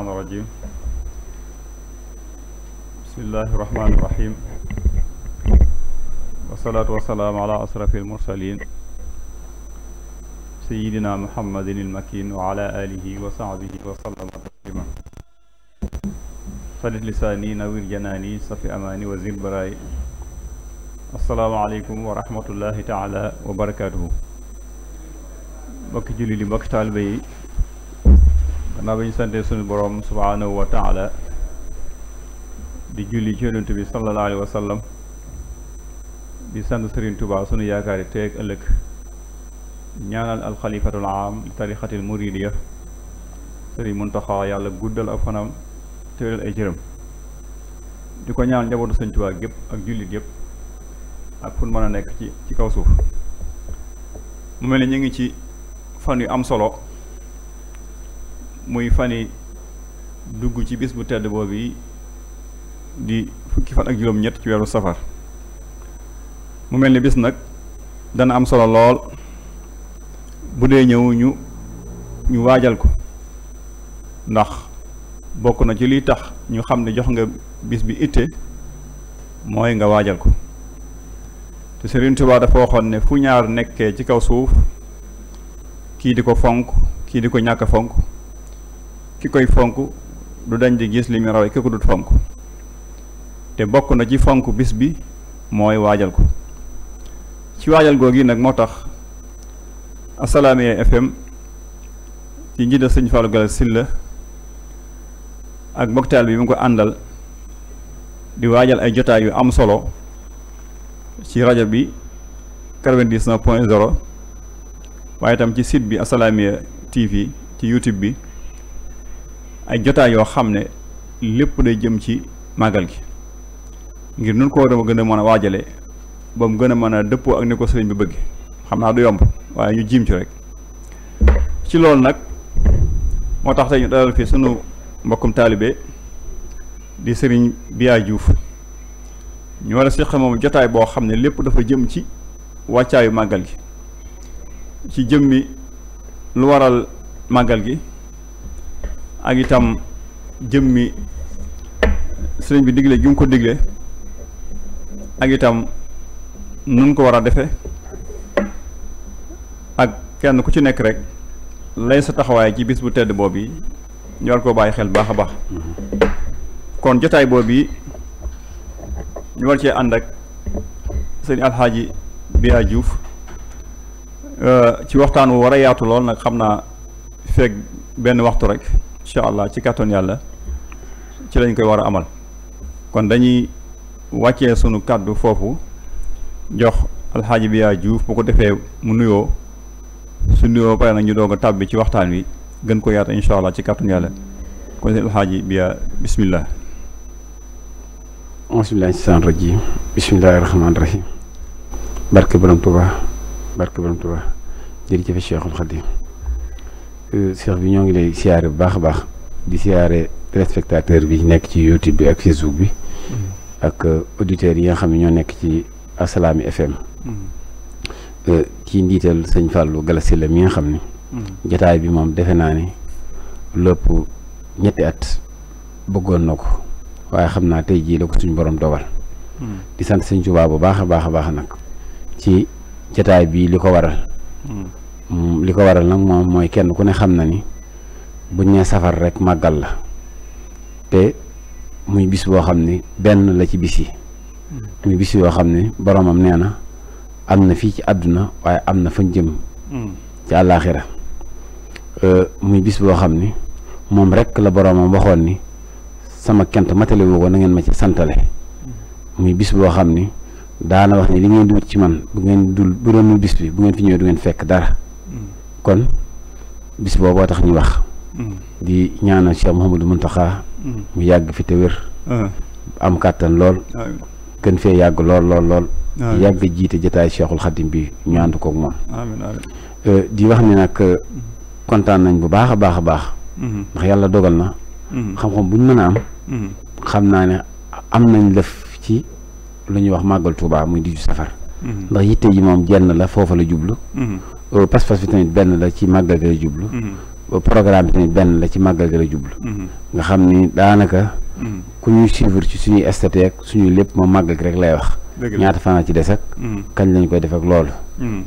الشيطان الرجيم بسم الله الرحمن الرحيم والصلاة والسلام على أشرف المرسلين سيدنا محمد المكين وعلى آله وصحبه وسلم تسليما صلت لساني نوير جناني صفي أماني وزير براي السلام عليكم ورحمة الله تعالى وبركاته mbokki julli li mbokki taalibe yi gannaaw ba ñu santee suñu boroom subhaanahu wa di julli ci yonent bi sallallahu alayhi di sant Serigne Touba sunu yaakaari teeg ëllëg ñaanal alxalifatul am li tarixatil muridiya Serigne Muntaxa yàlla guddal ak fanam teewlal ay jërëm di ko ñaanal njabootu Sëñ Touba gépp ak jullit yëpp ak fu mën a nekk ci ci kaw suuf mu mel ne ñu ngi ci fan yu am solo muy fan yi dugg ci bis bu tedd boobu yi di fukki fan ak juróom-ñett ci weeru safar mu mel ni bis nag dana am solo lool bu dee ñëw ñu ñu waajal ko ndax bokk na ci liy tax ñu xam ne jox nga bis bi itte mooy nga waajal ko te Serigne Touba dafa waxoon ne fu ñaar nekkee ci kaw suuf kii di ko fonk kii di ko ñàkk fonk ki koy fonk du dañ di gis li mu rawee ki ko dut fonk te bokk na ci fonk bis bi mooy waajal ko ci waajal googi nag moo tax Assalaamy FM ci njiit sëñ Fallou Galass Sylla ak mboktaal bi mu ko àndal di waajal ay jotaay yu am solo ci rajo bi 99 point 0 waaye itam ci site bi Assalaamy TV ci YouTube bi ay jotaay yoo xam ne lépp day jëm ci màggal gi ngir nun ko war gën a mën a waajale ba mu gën a mën a dëppoo ak ni ko sëriñ bi bëgg xam naa du yomb waaye ñu jiim ci rek ci loolu nag moo tax tey ñu dalal fi sunu mbokkum taalibe di sëriñ Biya juuf ñu war a seq moom jotaay boo xam ne lépp dafa jëm ci wàccaayu màggal gi ci jëmmi lu waral màggal gi ak itam jëmmi sëriñ bi digle jum ko digle ak itam nun ko war a defe ak kenn ku ci nekk rek lay sa taxawaay ci bis bu tedd boobu yi ñu war koo bàyyi xel baax a baax kon jotaay boobu yi ñu war cee ànd ak sëriñ alxaaji Biya Diouf euh, ci waxtaan wu war a yaatu lool nag xam naa feeg benn waxtu rek incha allah ci kàttan yàlla ci lañ koy war a amal kon dañuy wàccee sunu kàddu foofu jox alxaaji bi yaa juuf bu ko defee mu nuyoo su nuyoo pare nag ñu doog a tàbbi ci waxtaan wi gën ko yaata incha allah ci kàttan yàlla kon alxaaji bi yaa bismillah bismillah saan rajim bismillahi rahmaani rahim barke borom Tuubaa Euh, Cheikh bi ñoo ngi lay siyaare bu baax a baax di siyaare téléspectateur bi nekk ci YouTube bi ak Facebook bi mm-hmm. ak euh, auditeurs yi nga xam ne ñoo nekk ci Assalaamy FM mm-hmm. euh, ci njiital sëñ Fallou Galasi la mi nga xam ni mm-hmm. jataay bi moom defe naa ne lépp ñetti at bëggoon na ko waaye xam naa tey jii la ko suñ borom dogal di sant sëñ Tuubaa bu baax a baax a baax nag ci jataay bii li ko waral li ko waral nag moom mooy kenn ku ne xam na ni buñ nee safar rek màggal la te muy bis boo xam ni benn la ci bis yi hmm. muy bis yoo xam ne boromam nee na am na fii ci àdduna waaye am na fañ jëm hmm. ci àllaaxira euh, muy boo xam ni moom rek la boromam waxoon ni sama kent matale woo ko na ngeen ma ci santale hmm. muy bis boo xam ni daana wax ni li ngeen di ci man bu ngeen dul bu doonul bis bi bu ngeen fi ñëwee du ngeen fekk dara kon bis booboo tax ñu wax mm. di ñaanal Cheikh Mouhamadou Mountakha mm. mu yàgg fi te ah. am kàttan lool ah. gën fee yàgg lool lool lool ah. yàgg jiite jataay Cheikhul Khadim bi ñu ànd kook moom euh, di wax ni nag euh, mm. kontaan nañ bu baax a baax a baax ndax yàlla dogal na xam-xam bu ñu mën a am xam naa ne am nañ lëf ci lu ñuy wax màggal Tuubaa muy di ju safar ndax yitte yi moom jenn la foofa la jublu pas-pas bi tamit benn la ci màggal gi la jublu. Mm-hmm. programme bi tamit benn la ci màggal gi la jublu. Mm-hmm. nga xam ni daanaka. Mm-hmm. ku ñuy suivre ci suñuy statut ak suñuy lépp moom màggal gi rek lay wax. ñaata fana ci des ak. kañ lañ koy def ak loolu.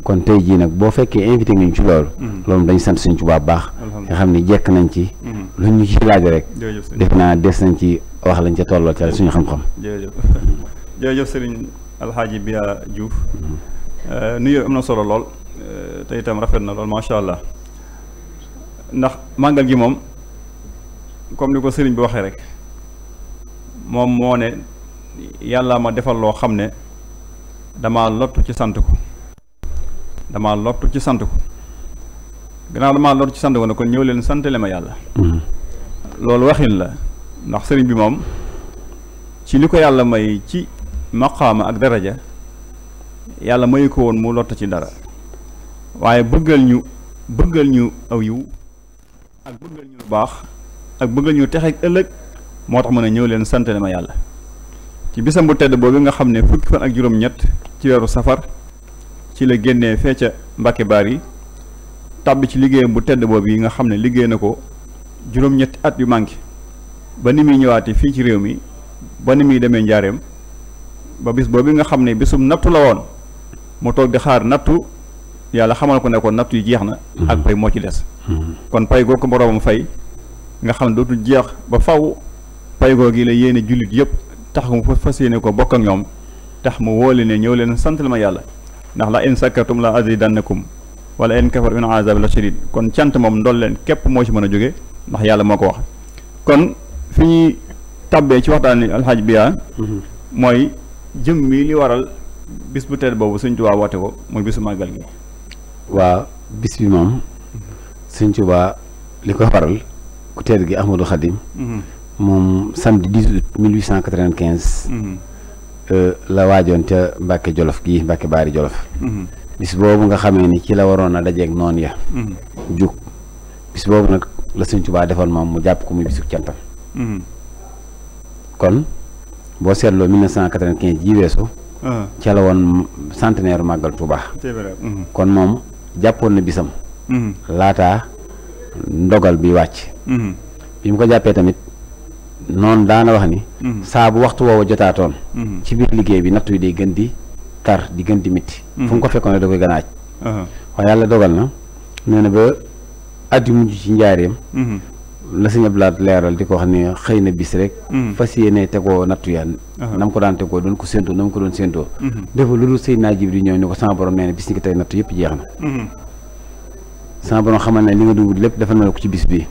kon tey jii nag boo fekkee invité nga ñu ci loolu. loolu dañu sant suñ tubaab baax. nga xam ni jekk nañ ci. lu ñu ci laaj rek. def naa des nañ ci wax lañ ca tolloo ca suñu xam-xam. jërëjëf jërëjëf Serigne Alhaji Biya Diouf euh, nuyoo am na solo lool. Euh, te itam rafet na lool macha allah ndax màggal gi moom comme ni ko sëriñ bi waxee rek moom moo ne yàlla ma defal loo xam ne dama lottu ci sant ko dama lottu ci sant ko gannaaw dama lottu ci sant ko ne kon ñëw leen santale ma yàlla hmm. loolu waxin la ndax sëriñ bi moom ci li ko yàlla may ci maqaama ak daraja yàlla mayu ko woon mu lott ci dara waaye bëggal ñu bëggal ñu aw yiw ak bëggal ñu lu baax ak bëggal ñu texe ak ëllëg moo tax mën a ñëw leen sant ma yàlla ci bisam bu tedd boobu nga xam ne fukki fan ak juróom-ñett ci weeru safar ci la génne fee ca baar yi tàbbi ci liggéeyam bu tedd boobu yi nga xam ne liggéey na ko juróom-ñetti at yu manqué ba ni muy ñëwaatee fii ci réew mi ba ni muy demee njaareem ba bis boobu nga xam ne bisum nattu la woon mu toog di xaar nattu yàlla xamal ko ne ko natt yi jeex na ak pay moo ci des kon pay goo ko boroomam fay nga xam ne dootul jeex ba faw pay goo gi la yéene jullit yëpp tax mu fas yéene ko bokk ñoom tax mu woo leen ne ñëw leen sant la ma yàlla ndax la in sakkartum la azidannakum wala in kafar in azab la shadid kon cant moom ndol leen képp moo ci mën a jóge ndax yàlla moo ko wax kon fi ñuy tàbbee ci waxtaan alxaaj biyaa mooy jëm mi li waral bis bu tedd boobu Sëñ Tuubaa woote ko muy bisu màggal gi waa bis bi moom sëñ Tuubaa li ko waral ku tedd gi Ahmadou Khadim mhm. moom samedi 18 août 1895 la waajoon ca Mbàkke Jolof gii Mbàkke Baari Jolof mhm. bis boobu nga xamee ni ci la waroon a dajeeg noonu ya mhm. jug bis boobu nag la sëñ Tuubaa defoon moom mu jàpp ko muy bisu cantam kon boo seetloo 1995 ji weesu ah. ca la woon centenaire màggal Tuubaa kon moom jàppoon na bisam mm-hmm. laata ndogal bi wàcc mm-hmm. bi mu ko jàppee tamit noon daana wax ni mm-hmm. saa waxtu woowu jotaatoon ci biir liggéey bi nattu yi day gën di tar di gën di mitti fu mu ko fekkoon da koy gën a aj uh-huh. waaye yàlla dogal na nee ba at mujj ci njaareem la sëñ Abdou Lahad leeral di ko wax ni xëy na bis rek mm-hmm. fas yéene tegoo nattu yaan uh-huh. nam ko daan tegoo doon ko séentoo nam ko doon séentoo mm-hmm. dafa lu dul sëy naa jib di ñëw ni ko sama borom nee na bis ni ko tey nattu na mm-hmm. sama borom xamal ne li nga dugg lépp dafa na la ko ci bis bi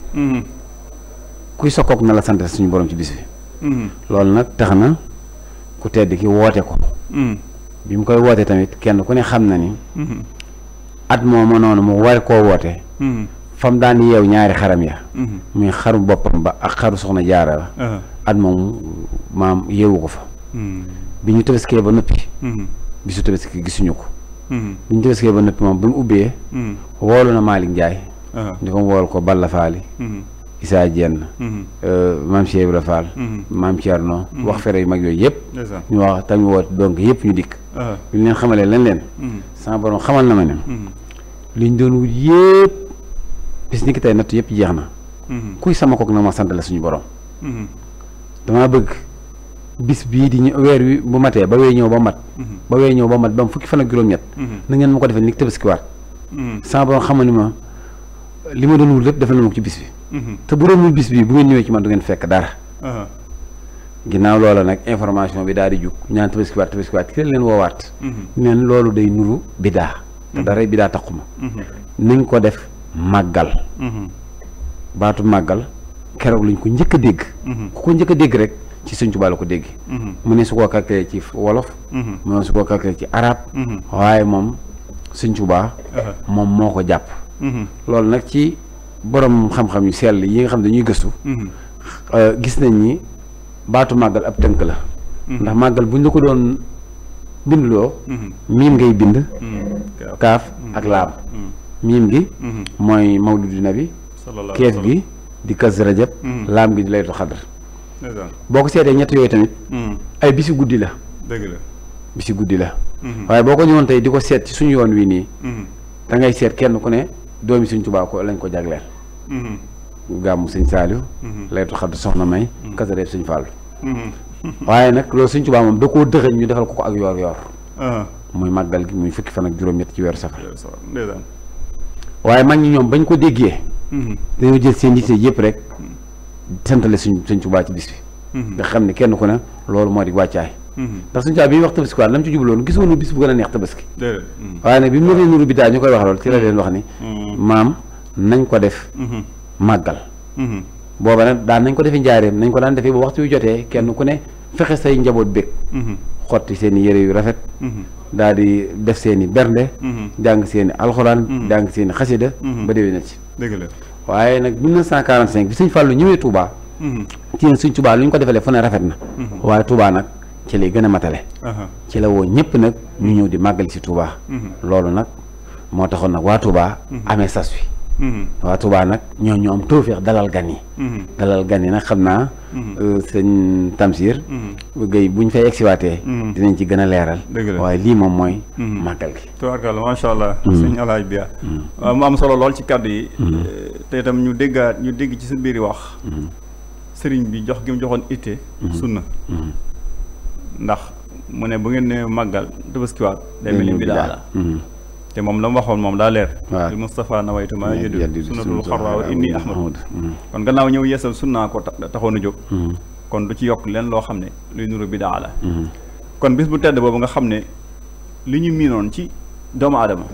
kuy sokkook na la sant suñu borom ci bis bi loolu nag tax na ku tedd ki woote ko bi mu koy wootee tamit kenn ku ne xam na ni at mooma noonu mu war koo woote fam daan yeew ñaari xaram ya mhm. muy xaru boppam ba ak xaru soxna jaara la uh-huh. at moom maam yeewu ko fa hmm. bi ñu tabaskee ba noppi mhm. bisu tabaski gisuñu ko mhm. bi ñu tabaskee ba noppi moom bi mu ubbee woolu na Malick Ndiaye uh-huh. ni ko wool ko Balla Faali Isaa Jenn uh, maam Cheikh Ibra Fall maam Thierno wax fere yu mag yooyu yëpp ñu wax tamit woote donc yëpp ñu dikk uh-huh. bi ñu leen xamalee lan leen sama borom xamal na ma ne liñ doon wut yëpp bis ni ki tey natt yëpp jeex na. Mhm. kuy sama kook na ma sant la suñu borom. Mhm. damaa bëgg bis bii di ñëw weer wi bu matee ba wee mhm. ñëw ba mat. ba wee ñëw ba mat ba mu fukki fan ak juróom-ñett. na ma ko defee ni tabaskiwaat. sama borom xamal ni ma li ma doon wut lépp defal la ma ci bis bi. te bu doon wut bis bi bu ngeen ñëwee ci man du ngeen fekk dara. ginnaaw loola nag information bi daal di jug ñaan tabaskiwaat tabaskiwaat ki leen woowaat. neen loolu day nu bidaa. te dara bidaa taxuma. nañ màggal. Mhm. baatu màggal keroog lañ ko njëkk dégg. Mhm. ku ko njëkk dégg rek ci Sëñ Tuubaa la ko dégg. Mhm. mu ne su ko calculé ci wolof. mu ne su ko calculé ci arab. waaye moom Sëñ uh-huh. moom moo ko jàpp. loolu nag ci borom xam-xam yu sell yi nga xam ne dañuy gëstu. Euh, gis nañ ni baatu màggal ab tënk la. ndax màggal buñ la ko doon bindloo. miim ngay bind. kaaf ak laam. miim gi mhm. mooy mawlidu nabi keef gi di kas rajab mhm. laam gi di laytul xadr boo ko seetee ñetti yooyu tamit mhm. ay bisi guddi la dëgg la bisi guddi la waaye boo ko ñëwoon tey di ko seet ci suñu yoon wii nii da ngay seet kenn ku ne doomi suñ Tuubaa ko lañ ko jagleel gàmmu suñ saaliw laytul xadr soxna may kas rajab suñ fàllu waaye nag loolu suñ Tuubaa moom da koo dëxëñ ñu defal ko ko ak yoor yoor ah. muy màggal gi muy fukki fan ak juróom-ñett ci weeru safar waaye mag ñi ñoom bañ ko déggee. Mhm. dañoo jël seen yitte yëpp rek mhm. santale suñ suñu Tuubaa ci bis bi. Mhm. nga xam ne kenn ku ne loolu moo di wàccaay. ndax suñu Tuubaa bi ñuy wax tabaski la mu ci jubloon bis bu gën a neex tabaski. waaye nag bi mu nuree nuru bi daal ñu koy wax loolu ci la leen wax ni. maam nañ ko def. màggal. booba nag daan nañ ko defee njaareem nañ ko daan defee ba waxtu yu jotee kenn ku ne fexe say njaboot bég xotti seen yëre yu rafet. daal di def seen i bernde. Mhm. jàng seen i alxuraan. Mhm. jàng seen i xasida mhm. ba déwé na ci. dëgg la waaye nag 1945 bi Sëñ Fallou ñëwee Touba. ci yéen Sëñ Touba lu ñu ko defalee fu ne rafet na. waaye Touba nag ci lay gën a matale. ci la woo ñëpp nag ñu ñëw di màggali si Touba. loolu nag moo taxoon nag waa Touba. amee sas wi. Mm-hmm. waa Touba nag ñoo ñu am tawféex dalal gan yi mm-hmm. dalal gan yi nag xam naa mm-hmm. euh, sëñ Tamsir Gueye buñ fay egsiwaatee dinañ ci gën a leeral waaye lii moom mooy màggal gi tubaarkàlla macha allah sëñ alaaj biya waaw mu am solo lool ci kàddu yi euh, te itam ñu déggaat ñu dégg ci sa biir yi wax sëriñ bi jox gi mu joxoon itte sunna ndax mu ne bu ngeen ne màggal tabaskiwaat day mel ni bidaa te moom la mu waxoon moom daa leer li Moustapha nawaytu ma yëddu sunnatul xarra wa inni ahmadu mm. kon gannaaw ñëw yeesal sunnaa ko taxoon a jóg mm. kon du ci yokk leen loo xam ne luy nuru bidaa la mm. kon bis bu tedd boobu nga xam ne li ñu miinoon ci doomu aadama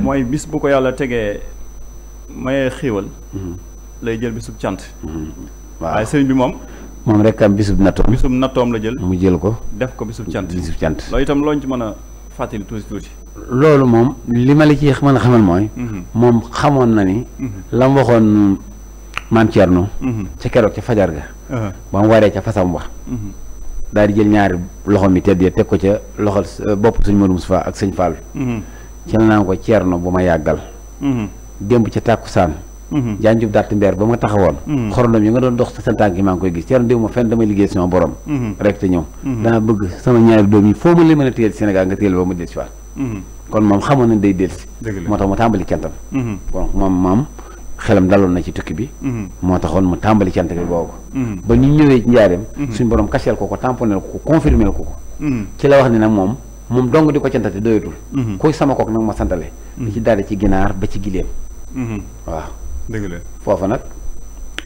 mooy bis bu ko yàlla tegee mayee xiiwal lay jël bisub cant waaye sëriñ bi moom moom rek am bisub nattoom bisub nattoom la jël mu jël ko def ko bisub cant bisub cant loolu itam looñ ci mën a fàttali tuuti tuuti loolu moom li ma la ci mën a xamal mooy. Mhm. moom xamoon na ni. Mhm. lam waxoon maam Thierno. Mhm. ca keroog ca fajar ga. ba waree ca fasam wa daal di jël ñaari loxo yi tedd teg ko ca loxo euh, bopp suñ Modou Moustapha ak sëñ Fall. ci la naan ko Thierno bu ma yàggal. démb ca tàkkusaan Mhm. jaan daati mbeer ba ma taxawoon mhm. xorondom yi nga doon dox sa tànk yi maa ngi koy gis yaram déw ma fenn damay liggéey sama borom mhm. rek te ñëw dama bëgg sama ñaari doom yi foo ma leen mën a téyel nga téyel ba ma delsi waat kon moom xamoon nañ day delsi ci tukki bi moo taxoon mu tàmbali cant gi googu ba ñu ñëwee njaareem suñ borom kaseel ko ko tamponel ko ko confirmel ko ko ci la wax ne nag moom moom dong di ko cantate doyatul kuy sama dëgg la foofa nag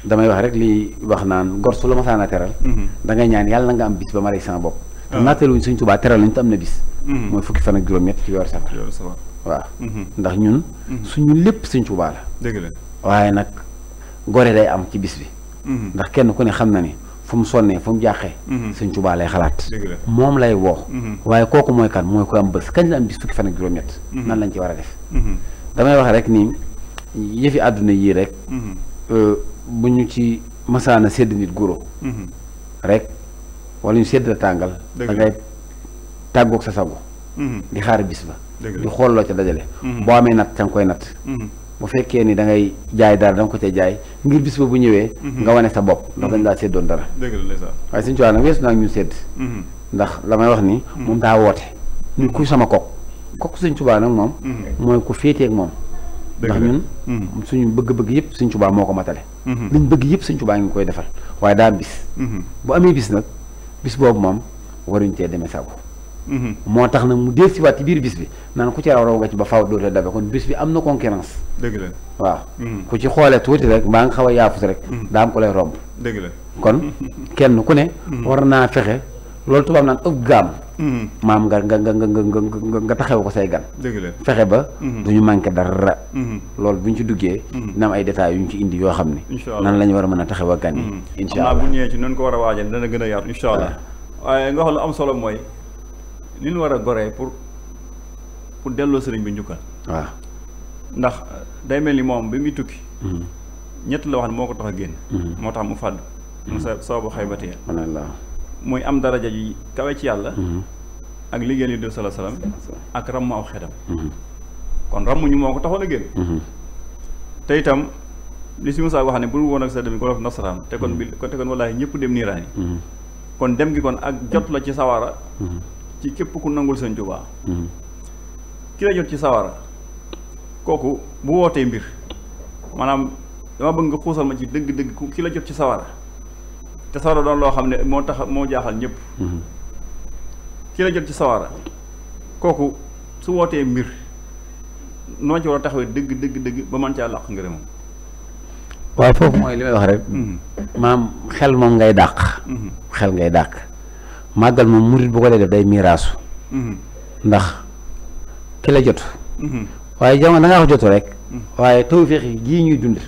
damay wax rek li wax naan gor su la ma saana teral mhm. da ngay ñaan yàlla nga am bis ba ma rey sama bopp te ah. naatale wuñ suñ tubaa teral lañ te am na bis mhm. mooy fukki fan ak juróom-ñett ci weeru safar waaw mhm. ndax ñun suñu lépp suñ tubaa la dëgg la waaye nag gore day am ci bis bi ndax kenn ku ne xam na ni fu mu sonnee fu mu jàqee suñ tubaa lay xalaat moom lay woo waaye kooku mooy kan mooy ko am bés kañ la am bis fukki fan ci war a def damay wax rek nii yëfi àdduna yii rek. Mhm. Euh, bu ñu ci masaana sedd nit guro. Mhm. rek wala ñu sedd la tàngal. da ngay sa sago. Mhm. di xaar bis ba. di xool loo ca dajale. boo amee nat ca nga koy nat. bu fekkee ni da ngay jaay dara da ko ca jaay ngir bis bu ñëwee. nga wane sa bopp ndax dañ laa seddoon dara. waaye suñu ci nag weesu nag ñu sedd. ndax la may wax ni. moom daa woote. ñu kuy sama kok kok suñ Tuubaa nag moom. mooy ku féetee ak moom. ndax ñun mhm. suñu bëgg-bëgg yëpp suñ tubaa moo ko matale mhm. liñ bëgg yëpp suñ tubaa ngi koy defal waaye daa bis mhm. bu amee bis nag bis boobu moom waruñ cee demee sago moo tax nag mu deel si waat ci biir bis bi naan ku ci raw raw nga ci ba faw dootee dabe kon bis bi am na concurrence dëgg la waaw ku ci xoolee tuuti rek mbaa nga xaw a yaafus rek daa ko lay romb kon kenn ku ne war naa fexe loolu tubaab naan ëpp gaam. Hmm. maam nga nga nga nga nga nga taxaw ko say gan. la fexe ba. Hmm. du ñu manqué dara. Hmm. loolu bu ñu ci duggee. dina am ay détails yu ñu ci indi yoo xam ni. nan la ñu war a mën a taxaw a gan yi. incha bu ñëwee ci noonu ko war a waajal dana gën a yaatu. incha waaye nga xam lu am solo mooy li ñu war a goree pour pour delloo sëriñ bi njukkal. waaw ndax day mel ni moom bi muy tukki. ñett la wax ne moo ko tax a génn. moo tax mu fàddu. mu sa a xayma muy am daraja ji kawe ci yàlla mhm. ak liggéey li de sala salaam ak ramm aw xetam mhm. kon ramm moo ko taxoon a génn mhm. te itam li si saa wax ne bu woon ak sa dem ko nasaraan te bi te kon ñëpp dem niiraan kon dem gi kon ak jot la ci sawara ci képp ku nangul seen jubaa ki la jot ci sawara kooku bu wootee mbir maanaam dama bëgg nga xuusal ma ci dëgg-dëgg ku ki la jot ci sawara te sawara doon loo xam ne moo tax moo jaaxal ñëpp mm-hmm. ki la jot ci sawara kooku su wootee mbir noo ci war a taxawee dëgg dëgg dëgg ba man caa làq ngërëmam waaw foofu mooy li may wax rek mm-hmm. maam xel moom ngay dàq mm-hmm. xel ngay dàq màggal moom murit bu ko dee def day miiraasu ndax ki la jot waaye jamono da ngaa ko jotu rek waaye tawféex yi gii ñuy dund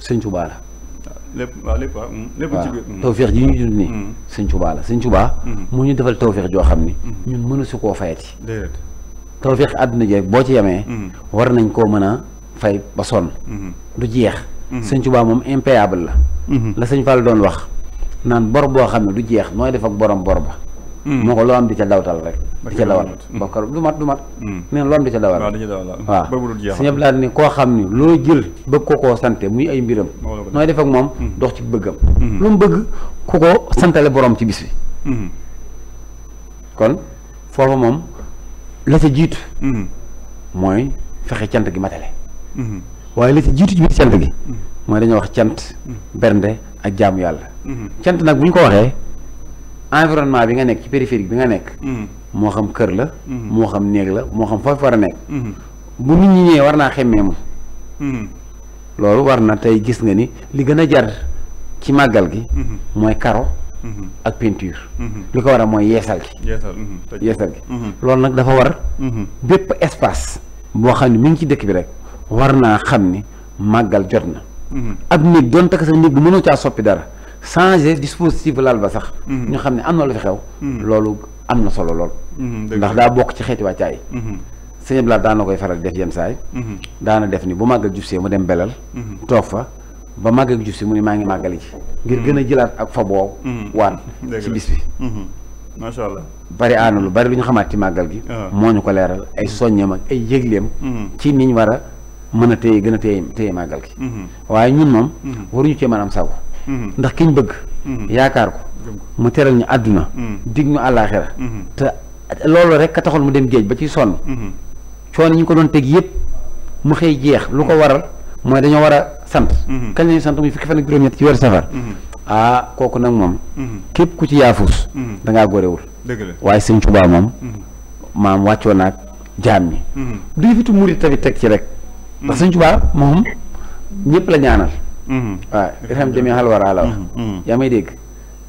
sëñ Tuubaa lépp waaw lépp waaw mm, lépp mm. ji ñu dund nii mm. sëñ Tuubaa la sëñ Tuubaa mu ñu defal tawféex joo xam ni ñun mënu si koo fayati tawféex àdduna jeeg boo ci yemee war nañ koo mën a fay ba sonn du jeex sëñ Tuubaa moom impayable la la sëñ Fall doon wax naan bor boo xam ne du jeex nooy def ak borom bor ba Mm. moo ko loo am di ca dawtal rek di ca dawal bokkar du mat du mat mm. mais loo am di ca dawal waaw suñu Abdou ni koo xam ni loo jël bëgg ko koo sante muy ay mbiram nooy def moom mm. dox ci bëggam lu mu bëgg ku ko santale boroom ci bis bi kon foofa moom la ca jiitu mooy fexe cant gi matale waaye la ca jiitu ci biir cant wax cant bernde ak jaamu yàlla cant nag bu ñu ko waxee environnement bi nga nekk ci périphérique bi nga nekk. Mm-hmm. moo xam kër la. Mm-hmm. moo xam néeg la moo xam foofu war a nekk. Mm-hmm. bu nit ñi ñëwee war naa xemmeemu. loolu war na tey gis nga ni li gën a jar ci màggal gi. mooy karo. ak peinture. li ko war a mooy yeesal gi. yeesal gi loolu nag dafa war. bépp espace. boo xam ne mu ngi ci dëkk bi rek war naa xam ni màggal jot na. ab néeg doon takk sa néeg bu mënoo caa soppi dara. changer dispositif lal ba sax. Mhm. ñu xam ne am na lu fi xew. Mhm. loolu am na solo lool. Mhm, ndax daa bokk ci xeeti wàccaay. sëñ Abdoulaye daan koy faral def yenn saay daana def ni bu màggal jub see mu dem belal. toog fa ba màggal jub si mu ne maa ngi màggali ci. ngir gën a jëlaat ak fa boobu. waat ci bis bi. macha allah bari aana lu bari lu ñu xamaat ci màggal gi. Ah. moo ñu ko leeral ay soññam ak ay yëgleem. ci niñ war a mën a téye gën a téye téye màggal gi. waaye ñun moom. waruñu cee mën am sago. ndax kiñ bëgg. yaakaar ko mu teral ñu àdduna. dig ñu àllaaxira te loolu rek ka taxul mu dem géej ba ci sonn. coono ñu ko doon teg yëpp mu xëy jeex lu ko waral mooy dañoo war a sant. kañ lañu sant muy fukki fan ak juróom-ñett ci weeru safar. ah kooku nag moom. képp ku ci yaafuus. da ngaa góorewul. dëgg la waaye sëñ Tuubaa moom. Mm-hmm. maam wàccoo naag jaam ñi. Mm-hmm. du yëfitu murit tamit teg ci rek. ndax sëñ Tuubaa moom ñëpp la ñaanal. waaw irham jami xalwaraa la wax mm-hmm, mm-hmm. yaa may dégg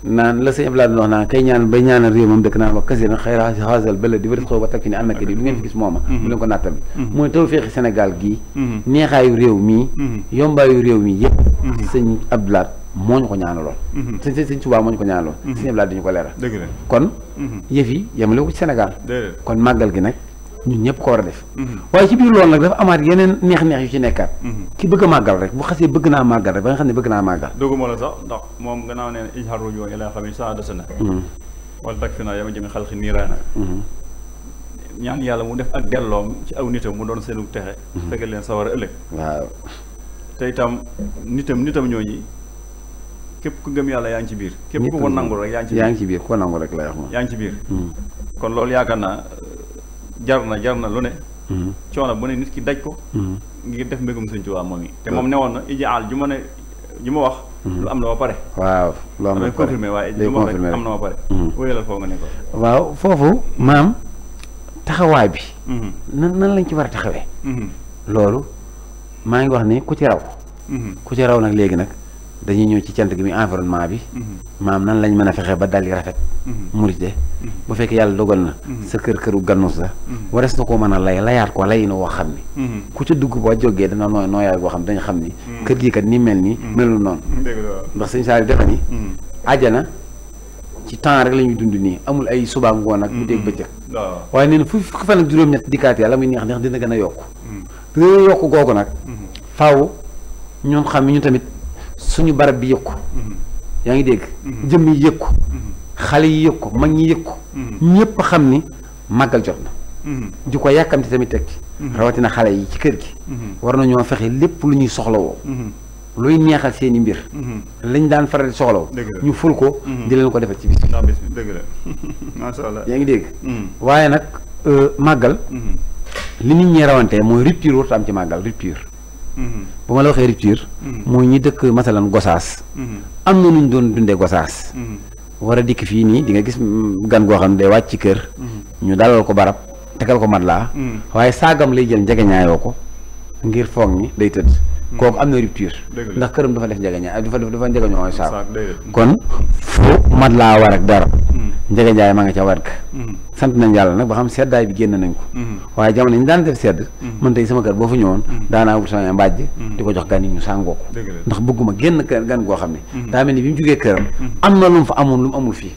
naan la sëñ Abdoulaye wax naan ñaan ba ñaanal réew moom dëkk naan wax na xëy xaasal bala di wari xaw ba takki ni ànd ak di lu ngeen fi gis mooma mm-hmm. réew mii yombaayu réew mii yëpp sëñ Abdoulaye moo ñu ko ñaanaloon sëñ sëñ Tuubaa moo ñu ko ñaanaloon sëñ Abdoulaye dañu ko leeral kon yëf yi yemale ko ci Sénégal kon màggal gi nag ñun ñëpp ko war a def. Mhm. waaye ci biir loolu nag dafa amaat yeneen neex-neex yu ci nekkaat. Mhm. ki bëgg a màggal rek bu xasee bëgg naa màggal rek ba nga xam ne bëgg naa màggal. dëgguma la sax ndax moom gannaaw na ijhaar rujuu ilaa xam ne saa na. Mhm. wala takk fi naa yama jëmi xalqi yàlla mu def ak delloom ci aw nitam mu doon seenu texe. fekke leen sawar a ëllëg. waaw te itam nitam nitam ñooñi. képp ku gëm yàlla yaa ngi ci biir. képp ku ko nangul rek yaa ngi ci biir yaa ngi ci biir ngi ci biir. kon loolu yaakaar naa jar na jar na lu ne hmm. coono bu ne nit ki daj ko hmm. ngir def mbégum Sëñ Tuubaa moom yi te hmm. moom woon na ijaal ju ma ne ju ma wax lu am na ba pare waaw lu am na ba pare confirmé waaye lu ma wax rek am na ba pare wéyalal ne ko waaw foofu maam taxawaay bi nan nan lañ ci war a taxawee loolu maa ngi wax ni ku ci raw ku ci raw nag léegi nag dañuy ñëw ci cant gi muy environnement bi mhm. maam nan lañ mën a fexe ba dal yi rafet mhm. murite mhm. bu fekkee yàlla dogal na sa kër këru gannus la wares na koo mën a lay layaat ko layi na woo xam ni ku ca dugg boo jógee dana nooy nooyaay boo xam dañu xam ni kër gii kat ni mel nii melul noonu ndax sëñ saar yi defe ni àjjana ci temps rek la ñuy dund nii amul ay suba ngoon ak bu dégg bëccëg waaye nee na fu fukki fan ak juróom-ñett dikkaat yàlla muy neex neex a suñu barab bi yëg ko mm-hmm. yaa ngi dégg mm-hmm. jëm yi yëg mm-hmm. xale yi yëg ko mag ñi yëg ko ñëpp xam ni màggal jot na di ko yàkkamti tamit teg ci rawatina xale yi ci kër gi war na ñoo fexe lépp lu ñuy soxla woo luy neexal seen i mbir lañ daan faral di soxlaw ñu ful ko di leen ko defal ci bis bi dëgg la masha Allah yaa ngi dégg waaye nag euh, màggal li nit ñi rawantee mooy rupture warta am ci màggal rupture bu ma la waxee rupture. Mm-hmm. mooy ñi dëkk masalan gosaas. Mm-hmm. am na lu ñu doon dundee gosaas. Mm-hmm. war a dikk fii nii di nga gis gan goo xam ne day wàcc ci kër. ñu dalal ko barab tegal ko mat laa. waaye saagam lay jël njegeñaayoo ko ngir foog ñi day tëdd. kooku am na rupture. ndax këram dafa def njegeñaay dafa dafa njegeñoo mooy saag. kon fu mat laa war ak dara. njëge njaay ma nga ca wet ga mm-hmm. sant nañ yàlla nag ba xam seddaay bi génn nañ ko mm-hmm. waaye jamono ñu daan def sedd mm-hmm. man tey sama kër boo fa ñëwoon daanaa wut sama mbàjj jox gan yi ñu sàngoo ko ndax génn kër gan goo xam ne daa mel ni bi fa amoon lu mu amul fii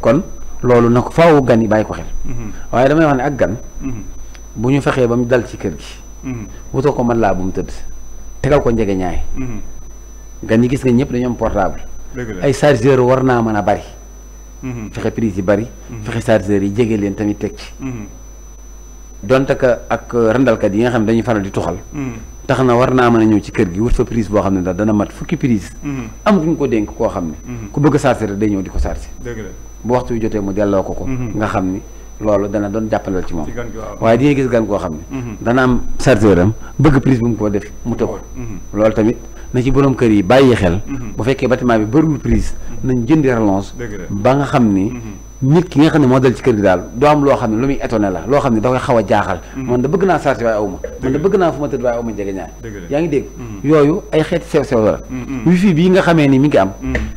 kon loolu na ko gan yi bàyyi ko xel waaye damay wax ne ak gan bu ñu fexee ba mu dal ci kër gi wutoo ko man laa bu mu tëdd tegal ko njëge ñaay gan yi gis nga ñëpp dañu am portable ay chargeur war naa mën a bari Mhm. fexe prise yi bari. Mhm. fexe chargeurs yi jege leen tamit teg ci. Mhm. donte que ak randalkat yi nga xam ne dañuy faral di tuxal. tax na war naa mën a ñëw ci kër gi wut fa prise boo xam ne dana mat fukki prise. am ku ñu ko dénk koo xam ne. ku bëgg a charger day ñëw di ko charger. dëgg la bu waxtu yu jotee mu delloo ko ko. nga xam ni loolu dana doon jàppalal ci moom. waaye di nga gis gan koo xam ne. dana am chargeur bëgg prise bu mu ko def mu tëb. loolu tamit. na ci borom kër yi bàyyi xel. Mhm. bu fekkee bâtiment bi bëriwul prise. Mhm. nañ jëndi relance. ba nga xam ni. Mhm. nit ki nga xam ne moo dal ci kër gi daal doo am loo xam ne lu muy étonné la loo xam ne da koy xaw a jaaxal man da bëgg naa sarti waaye aw ma man da bëgg naa fu ma tëdd waaye aw jege ñaar yaa ngi dégg yooyu ay xeeti sew sew la wi fii bii nga xamee ni mi ngi am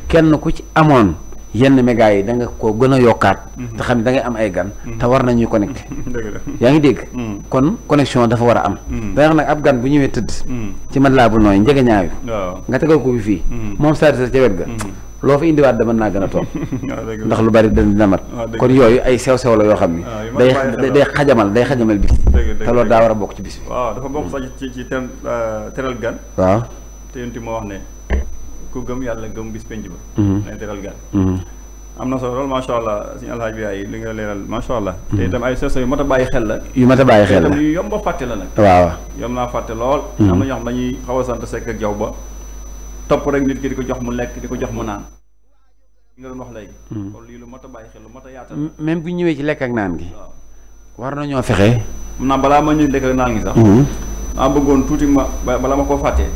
kenn ku ci amoon yenn méga yi danga ko gën a yokkaat mhm. te xam ne da ngay am ay gan mhm. te war nañuy connecté yaa ngi dégg mhm. kon connexion dafa war a am danga xam nag ab gan bu ñëwee tëdd ci man laa bu nooy njege ñaayu nga tegal ko bi fii moom chargeur ca wet ga loo fa indiwaat dama naa gën a toog ndax lu bari dina mat ah, kon yooyu ay sew sew la yoo xam ni ah, day day xajamal day xajamal bis te loolu daa war a bokk ci bis bi waaw dafa bokk sax ci ci teral euh, gan waaw te yonti moo ku gëm yàlla gëm bis penc ba mhm. nay teral gan mhm. am na solo loolu macha allah suñu alxaaj bi ay li nga leeral macha allah mhm. te itam ay soso yu mat a bàyyi xel la yu mat a bàyyi xel la yu yomb a fàtte la nag waaw yomb naa fàtte lool am na ñoo xam dañuy xaw a sant sekk ak jaw ba lii lu mat a bàyyi xel lu mat a yaatal même bu ñëwee ci lekk ak naan gi war nañoo fexe mun naa balaa ma ñëw lekk ak naan gi sax maa bëggoon tuuti ma balaa ma koo fàttee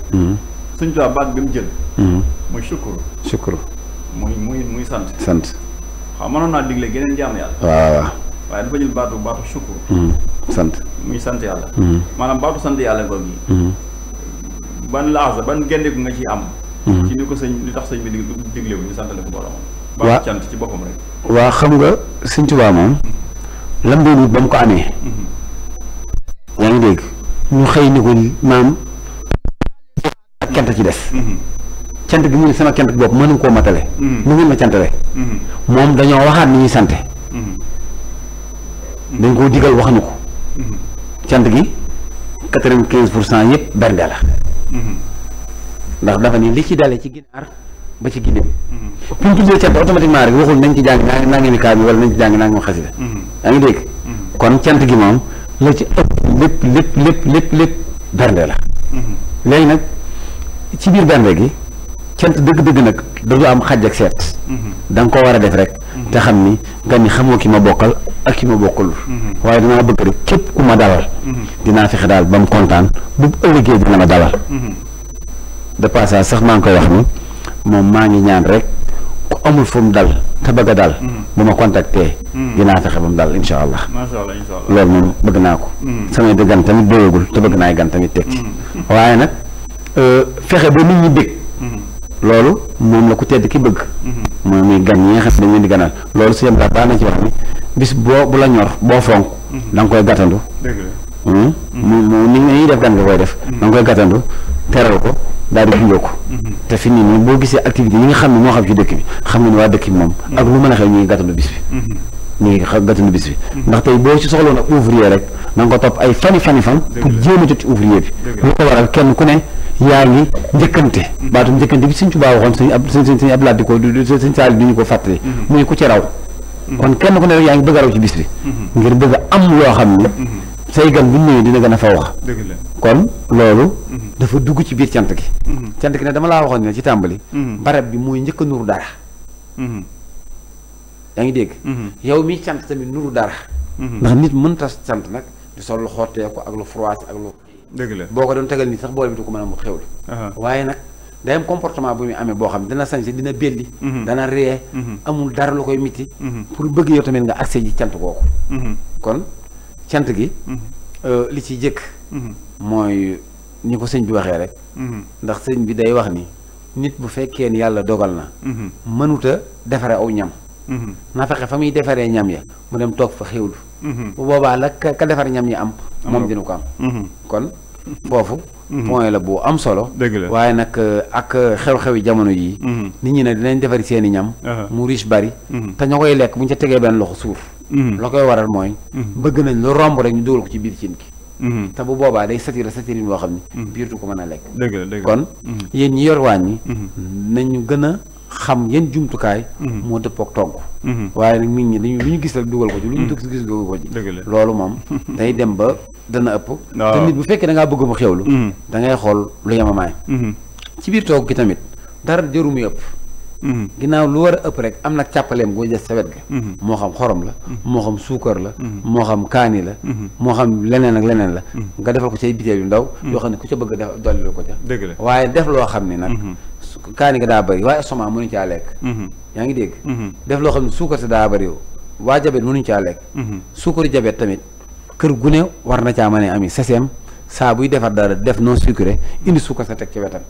suñ tubaab baat bi mu jël. muy hmm. sukkur. sukkur. muy muy sant. sant. waaw manoon naa digle geneen jaamu yàlla. waaw waaw. waaye dafa jël baatu baatu hmm. sant muy sant yàlla. Hmm. maanaam baatu sant yàlla boobu. ban laasa ban gendeeku nga ci am. ci ni ko sëñ li tax sëñ bi digle wu ñu santale ko borom. baatu cant ci boppam rek. waa xam nga sëñ Tuubaa moom. lam doon ba mu ko amee. yaa ngi dégg ñu xëy ni ko maam. ak cant ci des cant gi mu ne sama cant bopp mënu koo matale mu ngeen ma cantale moom dañoo waxaat ni ñuy sante dañ koo digal wax ko cant gi quatre-vingt-quinze pour cent yëpp bernde la ndax dafa ni li ci dalee ci ginaar ba ci gileem fi mu tuddee cant automatiquement rek waxul nañ ci jàng naa naa ngeen kaami wala nañ ci jàng naa ngeen xasida yaa ngi dégg kon cant gi moom la ci ëpp lépp lépp lépp lépp bernde la léegi nag ci biir bernde gi cant dëgg-dëgg nag dañu am xaj ak seet mm-hmm. da nga ko war a def rek mm-hmm. te xam ni gan ñi xamoo ki ma bokkal ak ki ma bokkalul mm-hmm. waaye danaa bëgg rek képp ku ma dalal dinaa fexe daal ba mu kontaan bu ëllëgee dina ma de passage sax maa koy wax moom maa ngi ñaan rek ku amul fu mu te bëgg a dal ma contacté dinaa fexe ba mu dal insha allah loolu moom bëgg naa ko samay de gan tamit doyagul te bëgg naay gan tamit tekki waaye nag Euh, fexe ba nit ñi bëgg mm-hmm. loolu moom la ku tedd ki bëgg mm-hmm. mooy muy gan yi nga xam ne dañ leen di ganal loolu si yam daal baax na ci wax ni bis boo bu la ñor boo fonk mm-hmm. da nga koy gàttandu hmm? mu mu ni ñuy def gan da nga koy gàttandu teral ko daal di gunge ko te fi nii nii boo gisee activité yi nga xam ne moo xam ci dëkk bi xam ne waa dëkk bi moom ak lu mën a xew ñu ngi gàttandu bis bi ñu ngi gàttandu bis bi ndax tey boo ci soxloon ak ouvrier rek da ko topp ay fani fani fan pour jéem a jot ci ouvrier bi lu ko waral kenn ku ne yaa ngi njëkkante baatu njëkkante bi sëñ Tuubaa waxoon sëñ ab sëñ sëñ Abdu Lahat di ko sëñ Saali di ko fàttali mhm. mu ne ku ci raw mhm. kon kenn ku ne rek yaa ngi bëgg a raw ci bis bi mhm. ngir bëgg a am loo xam ne say gan bu a fa wax kon loolu dafa dugg ci biir cant gi cant gi ne dama laa waxoon ne ci tàmbali barab bi mooy njëkk a nuru dara yaa ngi dégg yow mi cant tamit nuru dara ndax nit mën tas nag di sol lu xottee ko ak lu froissé ak lu dëgg la boo ko doon tegal nii sax boole bi du ko mën a mu xewlu waaye nag day comportement bu muy amee boo xam dina sañse dina belli mhm. dana ree mhm. amul dara lu koy miti mhm. pour bëgg yow tamit nga ak ji cant kooku kon cant gi euh, li ci jëkk mooy ñi ko sëñ bi waxee rek ndax sëñ bi day wax ni nit bu fekkee yàlla dogal na mënuta defare aw ñam na fexe fa muy defaree ñam ya mu dem toog fa xewlu Mhm. bu boobaa la ka defar ñam ñi am moom dina ko am mhm. kon foofu mhm. point la bu am solo waaye nag euh, ak euh, xew-xewi jamono yii nit ñi ne dinañ defar seen i ñam mu riche bari te ñoo koy lekk bu ñu ca tegee benn loxo suur la koy waral mooy bëgg nañ lu romb rek ñu dugal ko ci biir cin ki te bu boobaa day satira satirine boo xam ni biir du ko mën a lekk kon yéen ñi yor waañ nañu gën a xam yan jumtukaay. Mhm. moo dëppook togg. Mhm. waaye nag nit ñi dañu lu ñu gis rek dugal ko ci. lu ñu mhm. gis gis dugal ko ci. loolu moom day dem ba dana ëpp. te nit bu fekkee da ngaa bëgg mu xewlu. da ngay xool lu yemamaay. ci biir togg gi tamit dara jëru muy ëpp. ginnaaw lu war a ëpp rek am na càppaleem goo des sa wet ga moo xam xorom la moo xam suukar la moo xam kaani la moo xam leneen ak leneen la nga defal ko ci ay biteel yu ndaw yoo xam ne ku ca bëgg def dolli ko ca kaani nga daa bëri waaye estomac mënuñu caa lekk mhm. yaa ngi dégg mhm. def loo xam ne suukar si daa bëri waa jabet mënuñu caa lekk mhm. suukaru jabet tamit kër gu ne war na caa mën a ami seseem saa buy defar dara def non sucré indi suukar sa teg ci wetam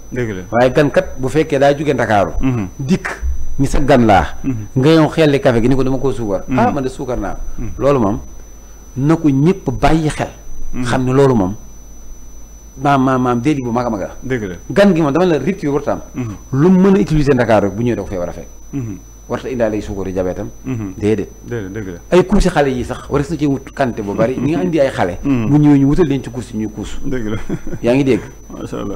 waaye gan kat bu fekkee daa jóge ndakaaru dikk ni sa gan laa nga yow xelli café gi ni ko dama koo suukar ah man de suukar naa loolu moom na ko ñëpp bàyyi xel xam ne loolu moom maam maam maam déedéet bu mag a mag a dëgg la gan gi moom dama la rupture warut am. lu mu mën a utiliser Ndakaar bu ñëwee da ko fay war a fekk. Mhm. warut a indaale suukaru jabeetam. Mhm. déedéet. déedéet ay course xale yi sax war na ci wut kante bu bari ñi indi ay xale. Mhm. bu ñëwee ñu wutal leen ci course ñuy course. yaa ngi dégg.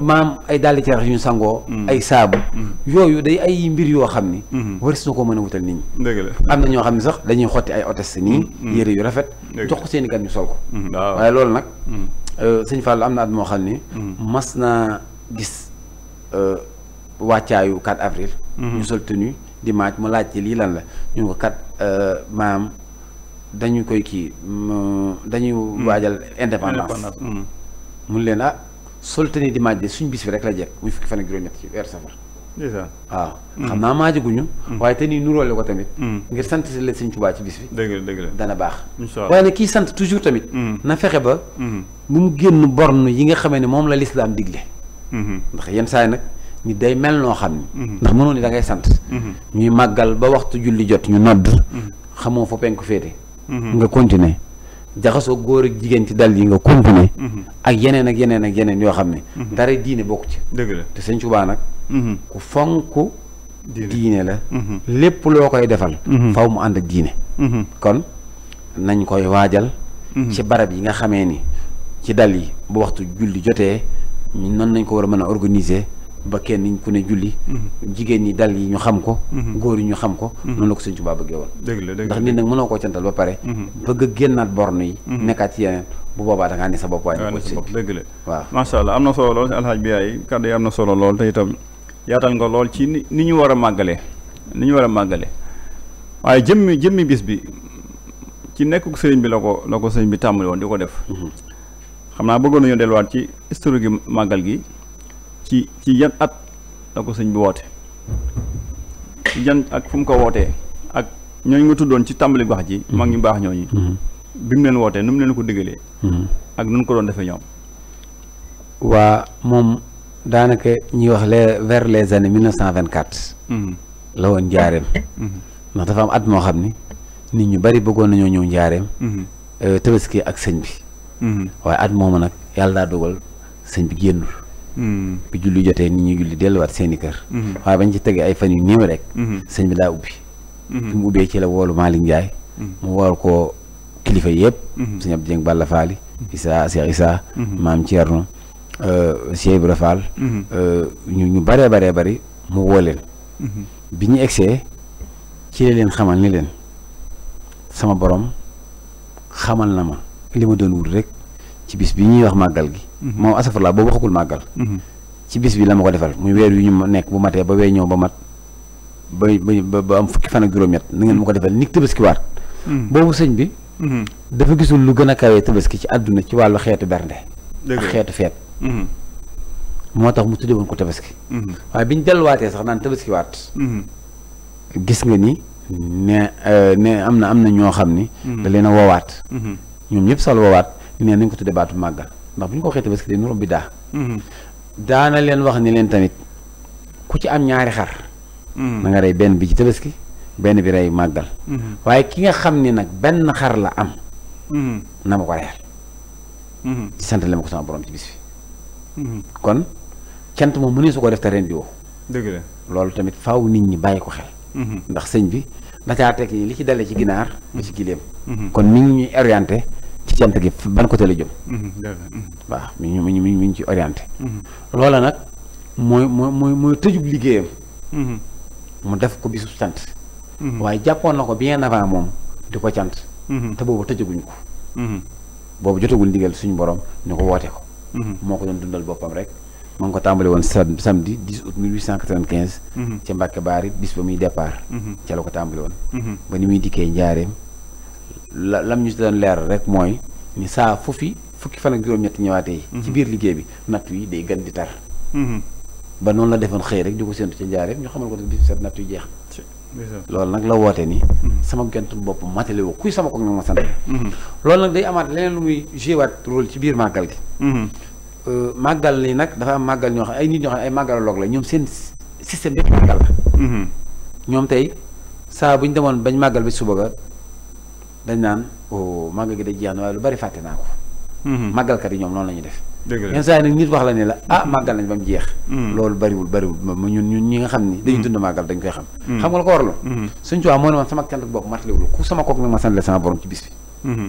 maam ay dàll ci yu ñu sangoo. ay saabu. yooyu day ay mbir yoo xam ni. war na koo mën a wutal nit ñi. dëgg la am na ñoo xam ne sax dañuy xotti ay hôtesse nii. yére yu sëñ Fall am na at moo xam ni. Mm. mas naa gis euh, wàccaayu 4 avril. Mm-hmm. ñu sol tenue di match mu laaj ci lii lan la ñu ko kat euh, maam dañu koy kii dañuy mm. waajal indépendance. Mm. mun leen ah sol tenue di match de suñ bis bi rek la jekk muy fukki fan ak juróom-ñett ci weer safar. waaw mm. xam naa maajaguñu mm. waaye te nii nuróole ko tamit mm. ngir sant si leen sëñ Tuubaa ci bis bi dëgg dëgg la dana baax waaye nag kii sant toujours tamit na fexe ba bu mu génn born yi nga xamee ne moom la lislaam digle mm-hmm. ndax yenn saa yi nag nit day mel noo xam ni mm-hmm. ndax mënoon ni da ngay sant mm-hmm. ñuy màggal ba waxtu julli jot ñu nodd xamoo fa penku féete nga continuer jaxasoo góor ak jigéen ci dal yi nga continuer ak yeneen ak yeneen ak yeneen yoo xam ne dara diine bokk ci dëgg la te ku fonk diine la mhm. lépp loo koy defal mhm. faw mu ànd ak diine mhm. kon nañ koy waajal ci barab yi nga xamee ni ci dal yi bu waxtu julli jotee ñu noonu nañ ko war a mën a organiser ba kenn ku ne julli jigéen ñi dal yi ñu xam ko góor yi ñu xam ko noonu la ko Sëñ Tuubaa bëggee woon dëgg la dëgg la ndax nit nag mënoo koo cantal ba pare bëgg a génnaat born yi nekkaat ci yeneen bu boobaa da ngaa ne sa bopp waaye dëgg la waaw macha allah am na solo lool alxaaj bi yaay yaatal nga lool ci ni ni ñu war a màggalee ni ñu war a màggalee waaye jëmmi jëmmi bis bi ci nekkuk sëriñ bi la ko la ko sëriñ bi tàmbali woon di ko def mhm. xam naa bëggoon nañu delluwaat ci historique màggal gi ci ci yan at la ko sëriñ bi woote ci yan ak fu ko wootee ak ñooñ nga tuddoon ci tàmbali wax ji mhm. mag ñu baax ñooñu mhm. bi mu leen wootee nu mu leen ko diggalee ak nu ko doon defee ñoom waa moom daanaka ñuy wax les vers les années 1924. Mm-hmm. la woon njaareem. Mm-hmm. ndax dafa am at moo xam ni nit ñu bari bëggoon nañoo ñëw njaareem. Mm-hmm. Euh, tabaski ak sëñ bi. waaye at moomu nag yàlla daa dogal sëñ bi génnul. bi julli jotee nit ñu julli delluwaat seeni kër. waaye bañ ci tegee ay fan yu néew rek. sëñ bi daa ubbi. fi mu ubbee ci la woolu Malick Ndiaye. mu wool ko kilifa yëpp. sëñ Abdou Dieng Balla Faali. Issa Cheikh Issa. maam Thierno. Euh, Cheikh Ibra mm-hmm. euh, ñu ñu bëree baree bari mu woo leen mm-hmm. bi ñu egsee ci la leen xamal ni leen sama borom xamal na ma li ma doon wut rek ci bis bi ñuy wax màggal gi mm-hmm. moom asafurlaa boobu waxagul màggal ci bis bi la ma ko defal muy weer yu ñu nekk bu matee ba wee ñëw ba mat ba ba ba am fukki fan ak juróom-ñett na ngeen ma ko defal ni tëbaskiwaat boobu sëñ bi dafa gisul lu gën a kawee tëbaski ci àdduna ci wàllu xeetu bernde ak xeetu feet Mm-hmm. moo tax mu tuddee woon ko tabaski. Mm-hmm. waaye bi ñu delluwaatee sax naan tabaski waat. Mm-hmm. gis nga ni ne euh, ne am na am na ñoo xam ni. da leen a woowaat. ñoom ñëpp sax la woowaat nee nañ ko tuddee baatu màggal ndax bu ñu ko waxee tabaski day nuróo bi daa. daana leen wax ni leen tamit ku ci am ñaari xar. na rey benn bi ci tabaski benn bi rey màggal. waaye ki nga xam ni nag benn xar la am. na ma ko reyal. ci sant la ma ko sama borom ci bis bi. kon cant moom mënee su ko def te ren di woo. dëgg la loolu tamit faaw nit ñi bàyyi ko xel. Mhm. ndax sëñ bi dacaa teg ni li ci dalee ci ginaar. ba ci gileem. Mhm. kon mi ngi ñuy ci cant gi ban côté la jëm. Mhm, waaw mi ngi mi ngi mi ngi ci orienté. loola nag mooy mooy mooy mooy tëjub liggéeyam. mu def ko bisu sant. waaye jàppoon na ko bien avant moom di ko cant. te boobu tëjaguñ ko. boobu jotagul ndigal suñu borom ñu ko woote ko. Mm-hmm. moo ko doon dundal boppam rek moo ngi ko tàmbali woon samedi 10 août 1895 mm-hmm. ca Mbàkke Baari bis ba muy départ mm-hmm. ca la ko tàmbali woon ba ni muy dikkee njaareem la lam ñu doon leer rek mooy ni saa foofi fukki fan ak juróom-ñetti ñëwaatee ci biir liggéey bi natt yi day gën di tar ba noonu la defoon xëy rek di ko séntu ca njaareem ñu xamal ko bis bi set natt yi jeex loolu nag la woote ni sama gentum bopp matale woo kuy sama ko nag ma sant ci biir màggal gi Euh, màggal ni nag dafa am màggal ñoo xam ay nit ñoo xam ne ay màggaloloog la ñoom seen système bépp màggal la mhm. ñoom tey saa bu ñu demoon bañ màggal bi suba ga dañ naan o oh, màggal gi day jeex na waaye lu fàtte naa ko mhm. ñoom noonu la ñuy def yenn saa yi nag nit wax la ne la ah mhm. màggal nañ ba mu jeex loolu bariwul bariwul mu ñun ñun ñi nga xam ni dañu dund màggal dañ koy xam xam nga la ko warlu suñu tuwaa moo ne man sama cant bopp mataliwul ku sama kook nag ma sant la sama borom ci bis bi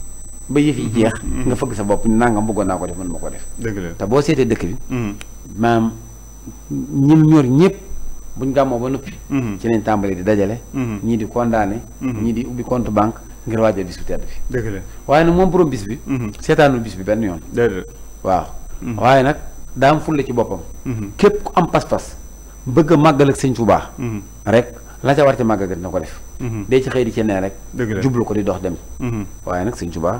ba yëf yi jeex. Mm-hmm. nga fëgg sa bopp nangam bëggoon naa ko def man ma ko def. dëgg la te boo seetee dëkk bi. Mm-hmm. maam ñim ñor ñëpp buñ gàmmoo ba noppi. Mm-hmm. ci lañ tàmbali di dajale. ñii di condamné. ñii di ubbi compte banque ngir waajal bis bu tedd bi. dëgg la waaye nag moom borom bis bi. seetaanu bis bi benn yoon. dëgg waaw. waaye nag daam fulle ci boppam. képp ku am pas-pas bëgg a màggal ak sëñ Tuubaa rek. la ca war ci màggal dina ko def. dee ci xëy di ci nee rek. jublu ko di dox dem. waaye nag sëñ Tuubaa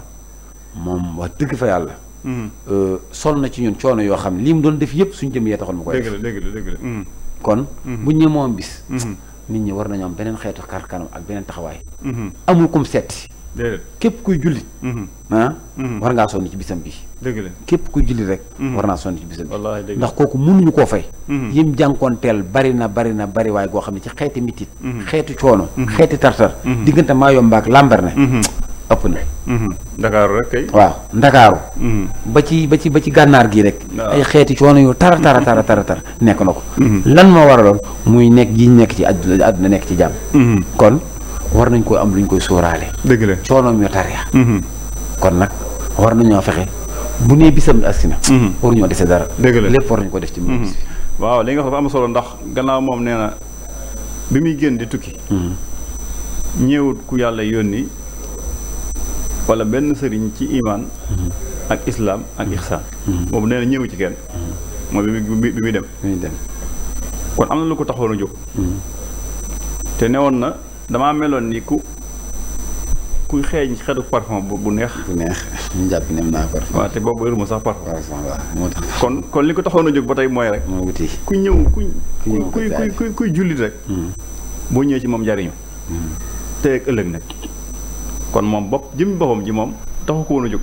moom wax dëgg fa yàlla. Hmm. Euh, sol na ci ñun coono yoo xam ne li mu doon def yëpp suñu jëm yee taxoon mu ko def. dëgg la dëgg la hmm. Hmm. kon. buñ ne moom bis. nit ñi war nañu am beneen xeetu xar kanam ak beneen taxawaay. amul kum seeti. képp kuy jullit. ah. war ngaa sonn ci bisam bi. la képp kuy jullit rek. war naa sonn ci bisam bi ndax kooku mënuñu koo fay. yim jànkoonteel bari na bari na bari waay goo xam ne ci xeeti mitit. xeeti coono. xeeti tartar. diggante maa yomb ak ëpp na. Mhm. ndakaaru rek kay. waaw ndakaaru. Mhm. ba ci ba ci ba ci gànnaar gi rek. ay xeeti coono yu tara tara tara tara tara nekk na ko. Mhm. lan a waraloon muy nekk ji nekk ci àdduna àdduna nekk ci jàmm. kon war nañ koy am luñ koy sóoraale. dëgg la coonoom yu tar ya kon nag war nañoo fexe bu nee bisam agsi na. waruñoo dese dara. dëgg la lépp war nañ ko def ci moom. waaw li nga xam am solo ndax gannaaw moom nee na bi muy génn di tukki. ñëwut ku yàlla yónni. wala benn sëriñ ci imaan ak islaam ak mm-hmm. ixsaan boobu mm-hmm. nee na ñëwu ci kenn mm-hmm. mooy bi bi muy dem kon am na lu ko taxoon a jóg te ne woon na damaa meloon ni ku kuy xeeñ xetu parfum bu neex bu neex ñu jàpp ne naa parfum waaw te boobu ëruma sax parfum moo tax kon kon li ko taxoon a jóg ba tey mooy rek moo wuti ku ñëw kuy kuy kuy kuy jullit rek boo ñëwee ci moom jariñu te ëllëg nag kon moom bokk jëmmi boppam ji moom taxu ko woon a jóg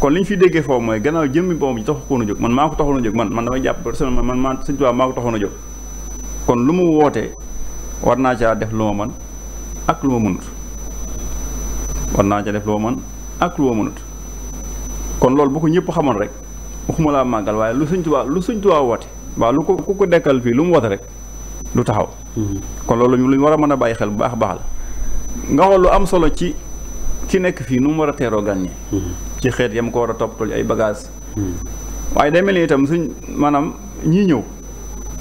kon li ñu fi déggee foofu mooy gannaaw jëmmi boppam ji taxu ko woon jóg man maa ko taxoon a jóg man man damay jàpp personnellement man man Sëñ Tuubaa maa ko taxoon a jóg lu mu wootee war naa caa def lu man ak lu ma mënut war naa caa def lu ma man ak lu ma mënut kon loolu bu ko ñëpp xamoon rek waxuma laa màggal waaye lu Sëñ Tuubaa lu Sëñ Tuubaa woote waaw lu ko ku ko dekkal fii lu mu woote rek lu taxaw mm-hmm. kon loolu lu ñu war a mën a bàyyi xel bu baax baax la nga xool lu am solo ci ki nekk fii nu mu war a teeroo gan ñi mm-hmm. ci xeet yam ko war a toppatoo ay bagaas mm-hmm. waaye day mel ni itam suñ maanaam ñii ñëw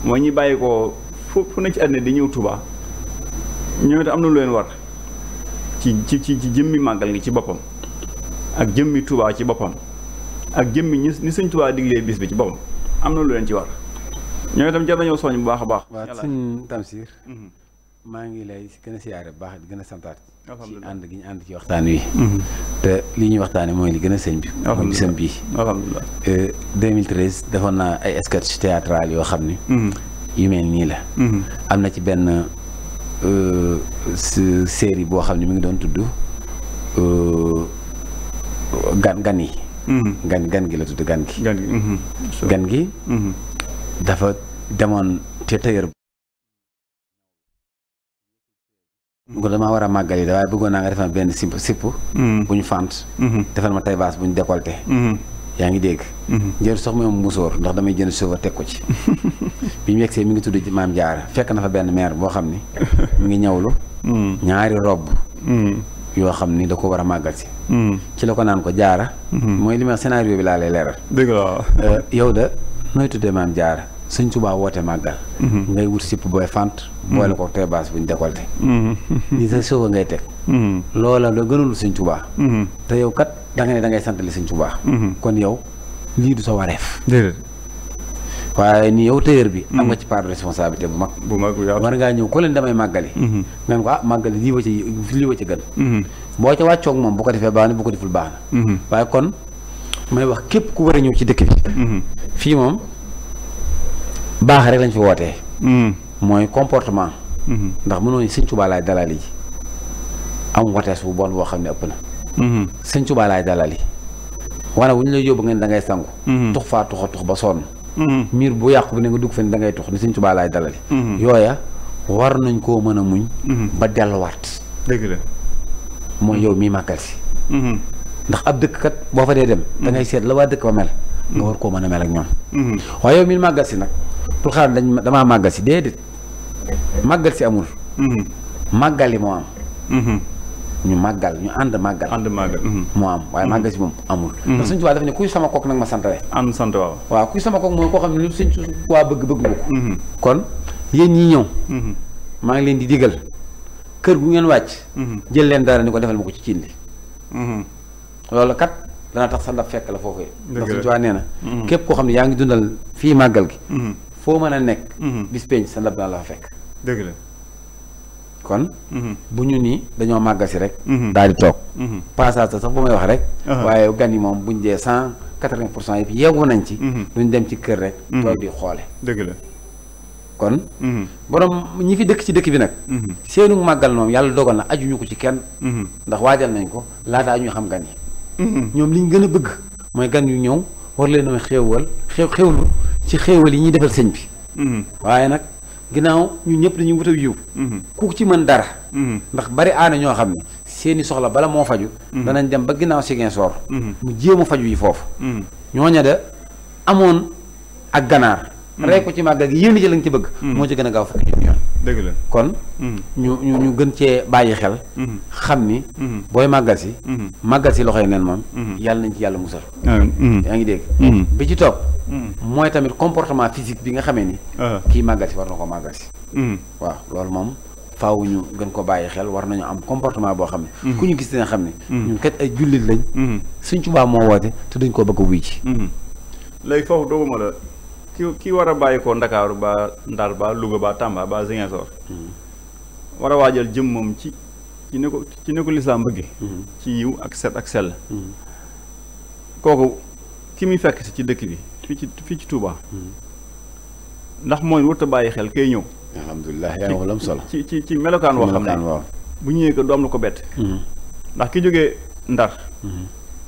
mooy ñi bàyyi ko fu fu ne ci àddina di ñëw tubaa ñoom itam am na lu leen war ci ci ci jëmmi màggal gi ci boppam ak jëmmi Tuubaa ci boppam ak jëmmi ñi suñ Tuubaa diglee bis bi ci boppam am na lu leen ci war ñoom itam jar nañoo soññ bu baax a baax. waaw maa ngi lay gën a siyaare bu baax di gën a santaat. ci ànd gi ñu ànd ci waxtaan wi. Mm-hmm. te li ñuy waxtaanee mooy li gën a sëñ bi. mooy bisam bii. alhamdulilah 2013 euh, defoon naa ay sketch théâtral yoo xam ni. Mm-hmm. yu mel nii la. Mm-hmm. am na ci benn euh, série boo xam ne mi ngi doon tudd euh, gan gan yi. gan gan gi la tudd gan gi. gan gi. gan gi. dafa demoon te tëyër. mu ko damaa war a màggali waaye bëggoon naa nga defal benn sipp sipp mm-hmm. bu ñu fant mm-hmm. defal ma tay baas bu ñu décolleté mm-hmm. yaa ngi dégg njëriñ sax moom musóor ndax damay jënd suufa teg ko ci bi mu yegsee mi ngi tudd maam jaara fekk na fa benn maire boo xam ni mu ngi ñawlu ñaari robb yoo xam ni da ko war a màggal si ci la ko naan ko jaara mooy li ma scénario bi laa lay leeral dëgg la euh, yow da nooy tuddee maam jaara sëñ Tuubaa woote màggal. Mhm. ngay wut sipp booy fant. boole mhm. ko tey baas bu ñu décolleté. ni mhm. sa sooga ngay teg. loola la gënalul sëñ Tuubaa. te yow kat da nga ne da ngay sant li sëñ Tuubaa. kon yow lii du sa wareef. déedéet. waaye ni yow téyër bi. am nga ci part de responsabilité bu mag. bu mag war ngaa ñëw ko leen damay màggali. nga ne ko ah màggali lii wa ci lii wa ci gën. boo ca wàccoog moom bu ko defee baax na bu ko deful baax na. waaye kon may wax képp ku war a ñëw ci dëkk bi. fii moom. baax rek lañ fi wootee. Hmm. mooy comportement. Hmm. ndax mënoo ni sëñ Tuubaa laay dalal yi am wotees bu bon boo xam ne ëpp na. Hmm. sëñ Tuubaa laay dalal yi wane wu ñu lay yóbbu ngeen da ngay sangu. tux faa tuxa tux ba sonn. miir bu yàqu bi ne nga dugg fen da ngay tux ni sëñ Tuubaa laay dalal yi yooya war nañ koo mën a muñ. ba delluwaat. dëgg la. mooy yow mii màggal si. ndax ab dëkk kat boo fa dee dem. da ngay seet la waa dëkk ba mel. nga war koo mën a mel ak ñoom. waaye yow mii pour xaar dañ damaa màggal si déedéet màggal si amul. Mm-hmm. màggali moo am. Mm-hmm. ñu màggal ñu ànd màggal. ànd màggal. Mm-hmm. moo am waaye màggal si moom amul. ndax suñu tubaab dafa ne kuy sama kook nag ma sant rek. ànd sant waaw. waaw kuy sama kook mooy koo xam ne lu suñ bëgg bëgg ko. kon yéen ñi ñëw. maa ngi leen di digal kër gu ngeen wàcc. jël leen dara ni ko defal ma ko ci cin li. loolu kat dana tax sa ndab fekk la foofee. dëgg la ndax suñu tubaab nee na. képp koo xam ne yaa ngi dundal fii màggal gi. foo mën a nekk. Mhm. bis penc sa ndab daan la fa fekk. dëgg la. kon. Mhm. bu ñu nii dañoo màggasi rek. Mhm. daal di toog. passage sax bu may wax rek. Uh-huh. waaye gan yi moom buñ dee cent quatre-vingt pour cent yëpp yeewu nañ ci. duñ dem ci kër rek. toog di xoole. la. kon. borom ñi fi dëkk ci dëkk bi nag. seenu màggal moom yàlla dogal na aju ñu ko ci kenn. ndax waajal nañ ko laataa ñu xam gan yi. ñoom liñ gën a bëgg mooy gan yu ñëw war leen a xéewal xéew xéewlu ci xéewal yi ñuy defal sëñ bi mm-hmm. waaye nag ginnaaw ñu ñëpp dañuy wuta yiw mm-hmm. ku ci mën dara mm-hmm. ndax bari aana ñoo xam ne seeni soxla bala moo faju danañ dem ba ginnaaw Ziguinchor mu jéem a faju yi foofu ñooña de amoon ak ganaar rey ko ci màggal gi yéen ci lañ ci bëgg moo ci gën a gaaw faju dëgg la kon. Mhm. ñu ñu ñu gën cee bàyyi xel. Mhm. xam ni. Mhm. booy màggal si. màggal si loxo yi neen moom. yàlla nañ ci yàlla musal. Ah, yaa ngi dégg. bi ci topp. mooy tamit comportement physique bi nga xamee ni. Ah. kii màggal si war ko màggal si. waaw loolu moom faaw ñu gën ko bàyyi xel war nañu am comportement boo xam ne. ku ñu gis dina xam ne. ñun kat ay jullit lañ. suñ tubaab moo woote te duñ ko bëgg a wuy ci. léegi foofu doguma la. ki ki war a bàyyi ko Ndakaaru ba Ndar ba Louga ba Tamba ba Ziguinchor hmm. war a waajal jëm moom ci ci ne ko ci ne ko lislaam bëgge hmm. ci yiw ak set ak sell hmm. kooku ki muy fekk si ci dëkk bi fii ci fii ci Touba ndax mooy warut bàyyi xel kay ñëw alhamdulilah yaa ngi solo ci ci ci melokaan woo xam ne bu ñëwee ko doom am lu ko bett ndax ki jógee Ndar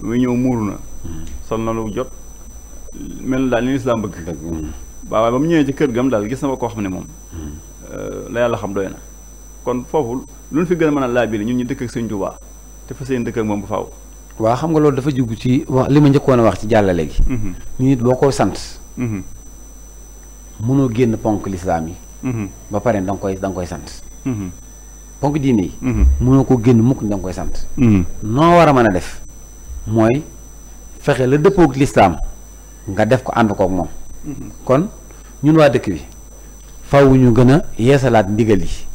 muy ñëw muuru na sol na lu jot mel daal ni lislaam bëgg waaw ba mu ñëwee ci kër gam daal gis na ko koo xam ne moom hmm. euh, la yàlla xam doy na kon foofu lu ñu fi gën a mën a laabiri ñun ñu dëkk ak sëñ Tuubaa te fa seen dëkk ak moom bu faaw waaw xam nga loolu dafa jugg ci li ma njëkkoon a wax ci jàllale gi hmm. nit boo ko sant mënoo hmm. génn ponk lislaam yi ba pare da nga koy da nga koy sant ponk diine yi mënoo ko génn mukk da nga koy sant noo war a mën a def mooy fexe la dëppoog nga def ko ànd kook moom mhm. kon ñun waa dëkk bi faw ñu gën a yeesalaat ndigal yi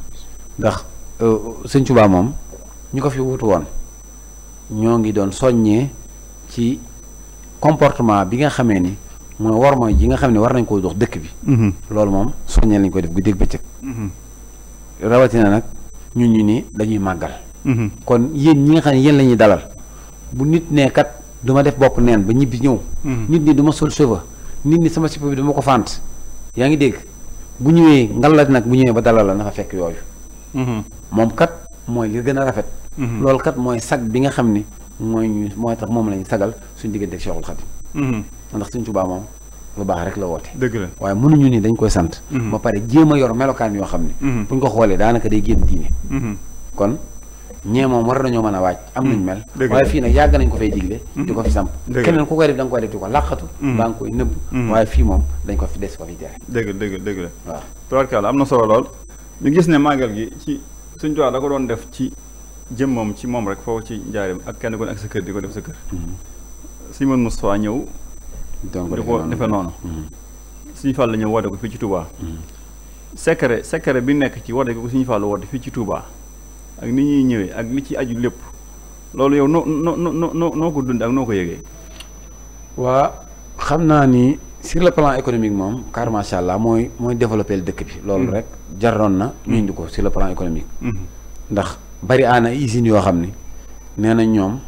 ndax euh, sëñ moom ñu ko fi wutu woon ñoo ngi doon soññee ci comportement bi nga xamee ni mooy war mooy ji nga xam ne war nañ koo jox dëkk bi mhm. loolu moom soññee lañ koy def guddi ak bëccëg mhm. rawatina nag ñun ñu ni dañuy màggal kon yéen ñi nga xam ne yéen la dalal bu nit nee du ma def bopp neen ba ñibbi ñëw. Hmm. nit ñi du ma sol cheveux nit ñi sama sipa bi du ko fànt yaa ngi dégg bu ñëwee ngalal nag bu ñëwee ba dalal la na fa fekk yooyu. Hmm. moom kat mooy li gën a rafet. Hmm. loolu kat mooy sag bi nga xam ni mooy ñu mooy tax moom lañu sagal suñu diggante ak Cheikhul Khadim. ndax suñ Tuubaa moom lu baax rek la woote. dëgg la waaye mënuñu ni dañ koy sant. ba pare jéem a yor melokaan yoo xam ni. buñ ko xoolee daanaka day génn diine. kon. ñee moom war nañoo mën a wàcc am nañ mel waaye fii nag yàgg nañ ko fay digle mm-hmm. di ko fi samp keneen ku koy def da koy def di ko làqatu mm-hmm. baa nga koy nëbb mm-hmm. waaye fii moom dañ ko fi des ko fi tere dëgg dëgg la waaw tubaarkalla am na solo lool ñu gis ne màggal gi ci suñ tubaab da ko doon def ci jëm moom ci moom rek foofu ci njaarim ak kenn ku ak sa kër di ko sa kër suñu mën Moustapha ñëw di ko defe noonu suñu fàll ñëw woote ko fii ci tubaa secret secret bi nekk ci woote ko suñu fàll woote fii ci Touba ak ni ñuy ñëwee ak li ci aju lépp loolu yow noo noo no noo noo ko dund ak noo ko yëgee. waa xam naa ni sur le plan économique moom car macha allah mooy mooy développé dëkk bi. loolu mm-hmm. rek jaroon na ñu indi ko sur le plan économique. Mm-hmm. ndax bari aana usines yoo xam ni nee na ñoom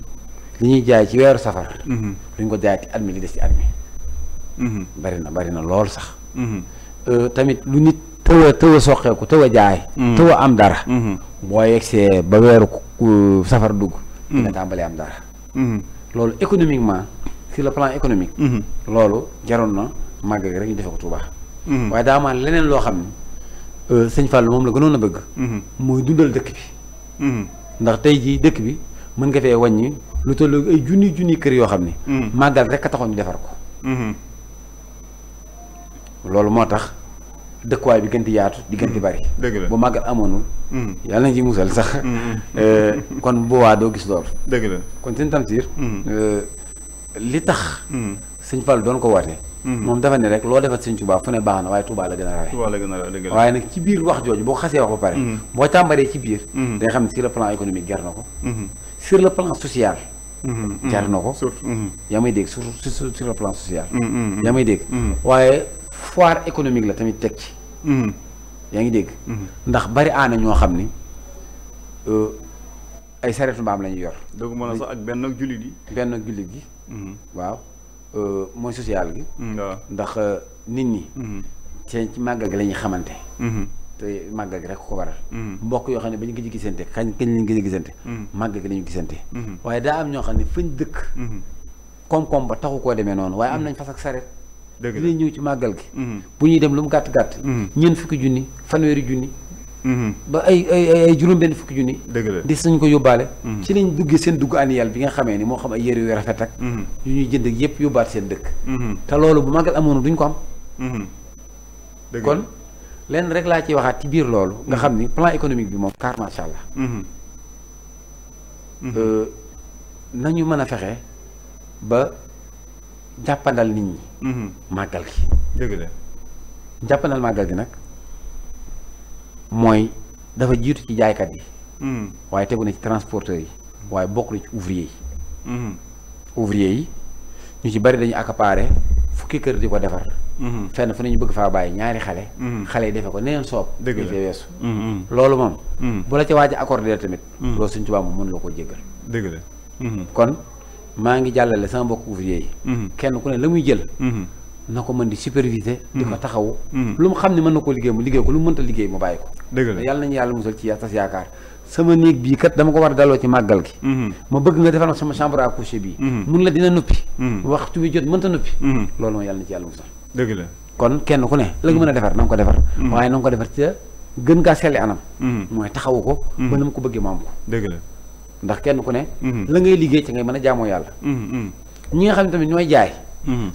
li ñuy jaay ci weeru safar. Mm-hmm. duñ ko jaay at mi li des ci at bari na bari na lool sax. Euh, tamit lu nit. tëw a tëw a soqeeku tëw a jaay mm-hmm. tëw a am dara mm-hmm. boo yegsee ba weeru safar dugg dina mm-hmm. tàmbalee am dara loolu économiquement sur le plan économique loolu jaroon na màgg rek ñu defe ko Tuuba waaye daa leneen loo xam ne euh, sëñ Fall moom la gënoon a bëgg mooy dundal dëkk bi ndax tey ji dëkk bi mën nga fee wàññi lu tollu ay junni junni kër yoo xam ne màggal rek a taxoon ñu defar ko loolu moo tax dëkkuwaay bi gën di yaatu di gën di bari. Mm-hmm. dëgg la bu màggat amoonul. Mm-hmm. yàlla nañ ci musal sax. Mm-hmm. Euh, kon boobaa doo gis loolu. dëgg la kon seen tamsiir. Euh, li ko woote. moom dafa ne rek loo defal sëñ Touba fu ne na waaye Touba la gën a rawe. Touba la gën a rawe dëgg la waaye boo xasee ba pare. boo tàmbaree ci biir. day xam ne sur le plan économique jar na ko. sur le plan social. jar na ko. yaa may dégg sur sur tamit teg ci. Mm-hmm. yaa ngi dégg. Mm-hmm. ndax bari aana ñoo xam ni euh, ay sareetu mbaam la ñuy yor. dëgg ma la ak benn ak jullit yi. benn ak jullit gi. Mm-hmm. waaw euh, mooy social gi. ndax euh, nit ñi. ci ci màggal gi la ñuy xamante. te màggal gi rek ko waral. mbokk yoo xam ne ba ñu gëj gisante kañ kañ lañ gisante. màggal gi la ñu gisante. waaye daa am ñoo xam ne fañ dëkk. koom-koom ba taxu koo demee noonu waaye am nañ fas ak sareet. li ñëw ci màggal gi mhm. bu ñuy dem lu mu gàtt gàtt mhm. ñeent fukki junni fanweeri junni mhm. ba ay ay ay juróom benn fukki junni dëgg la di suñ ko yóbbaale ci lañ duggee seen dugg annuel bi nga xamee ni moo xam ay yére yu rafet ak yu ñuy jënd ak yëpp yóbbaat seen dëkk te loolu bu màggal amoon duñ ko am kon lenn rek laa ciy waxaat ci biir loolu nga xam ni plan économique bi moom car macha allah euh, nañu mën a fexe ba jàppandal nit ñi. Mm-hmm. màggal gi. dëgg la jàppandal màggal gi nag mooy dafa jiitu ci jaaykat yi. Mm-hmm. waaye tegu na ci transporteurs yi. waaye bokk na ci ouvrier yi. Mm-hmm. yi ñu ci bari dañu accaparé fukki kër di ko defar. fenn fu ne ñu bëgg faa bàyyi ñaari xale. xale yi defe ko neneen soob. dëgg weesu. loolu moom. bu la ca waaj a tamit. loolu suñ tubaab moom mën la koo jéggal. dëgg la kon. maa ngi jàllale sama mbokk ouvrier yi. Mhm. kenn ku ne la muy jël. Mhm. na ko mën di superviser. di ko mhm. taxawu. lu mu xam ne mën na koo liggéey mu liggéey ko lu mu mënta liggéey mu bàyyi ko. dëgg la yàlla yàlla musal ci tas yaakaar sama kat dama ko war a daloo ci màggal gi. ma bëgg nga defal ma sama chambre à coucher bii. mun la dina noppi. waxtu bi jot mënta noppi. loolu mooy yàlla na ci yàlla musal. dëgg la kon kenn ku ne la nga mën a defar na nga ko defar. waaye na ko defar ca gën gaa selli anam. mooy taxawu ko. ba na mu ko bëggee mu am la ndax kenn ku ne. Mhm. la ngay liggéey ci ngay mën a jaamoo yàlla. Mhm, mhm. ñi nga xam ne tamit ñooy jaay.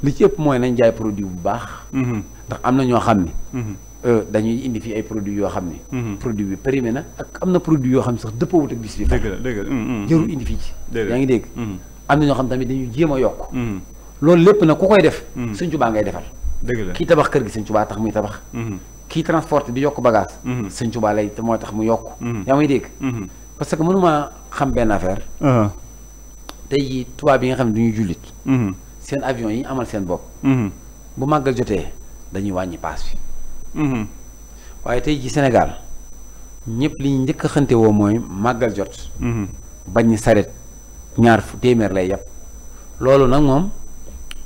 li ci ëpp mooy nañ jaay produit bu baax. ndax am na ñoo xam ni. Euh, dañuy indi fii ay produits yoo xam ne. produit bi na ak am na produit yoo xam ne sax dëppoowut ak bis bi. dëgg la ci. yaa dégg. am na ñoo xam tamit dañuy jéem a yokk. loolu lépp nag ku koy def. Sëñ Tuubaa ngay defal. dëgg la kii tabax kër gi Sëñ Tuubaa tax muy tabax. kii transporte di yokk bagage. Sëñ Tuubaa lay moo tax mu yokk. yaa may dégg. parce que mënuma xam benn affaire. Uh-huh. tey jii tubaab yi nga xam ne duñu ñu jullit. Mm-hmm. seen avion yi amal seen bopp. Mm-hmm. bu màggal jotee dañuy wàññi paas bi. Mm-hmm. waaye tey jii Sénégal ñëpp li njëkk a xante woo mooy màggal jot. bañ ñu ñaar fu téeméer lay yàpp loolu nag moom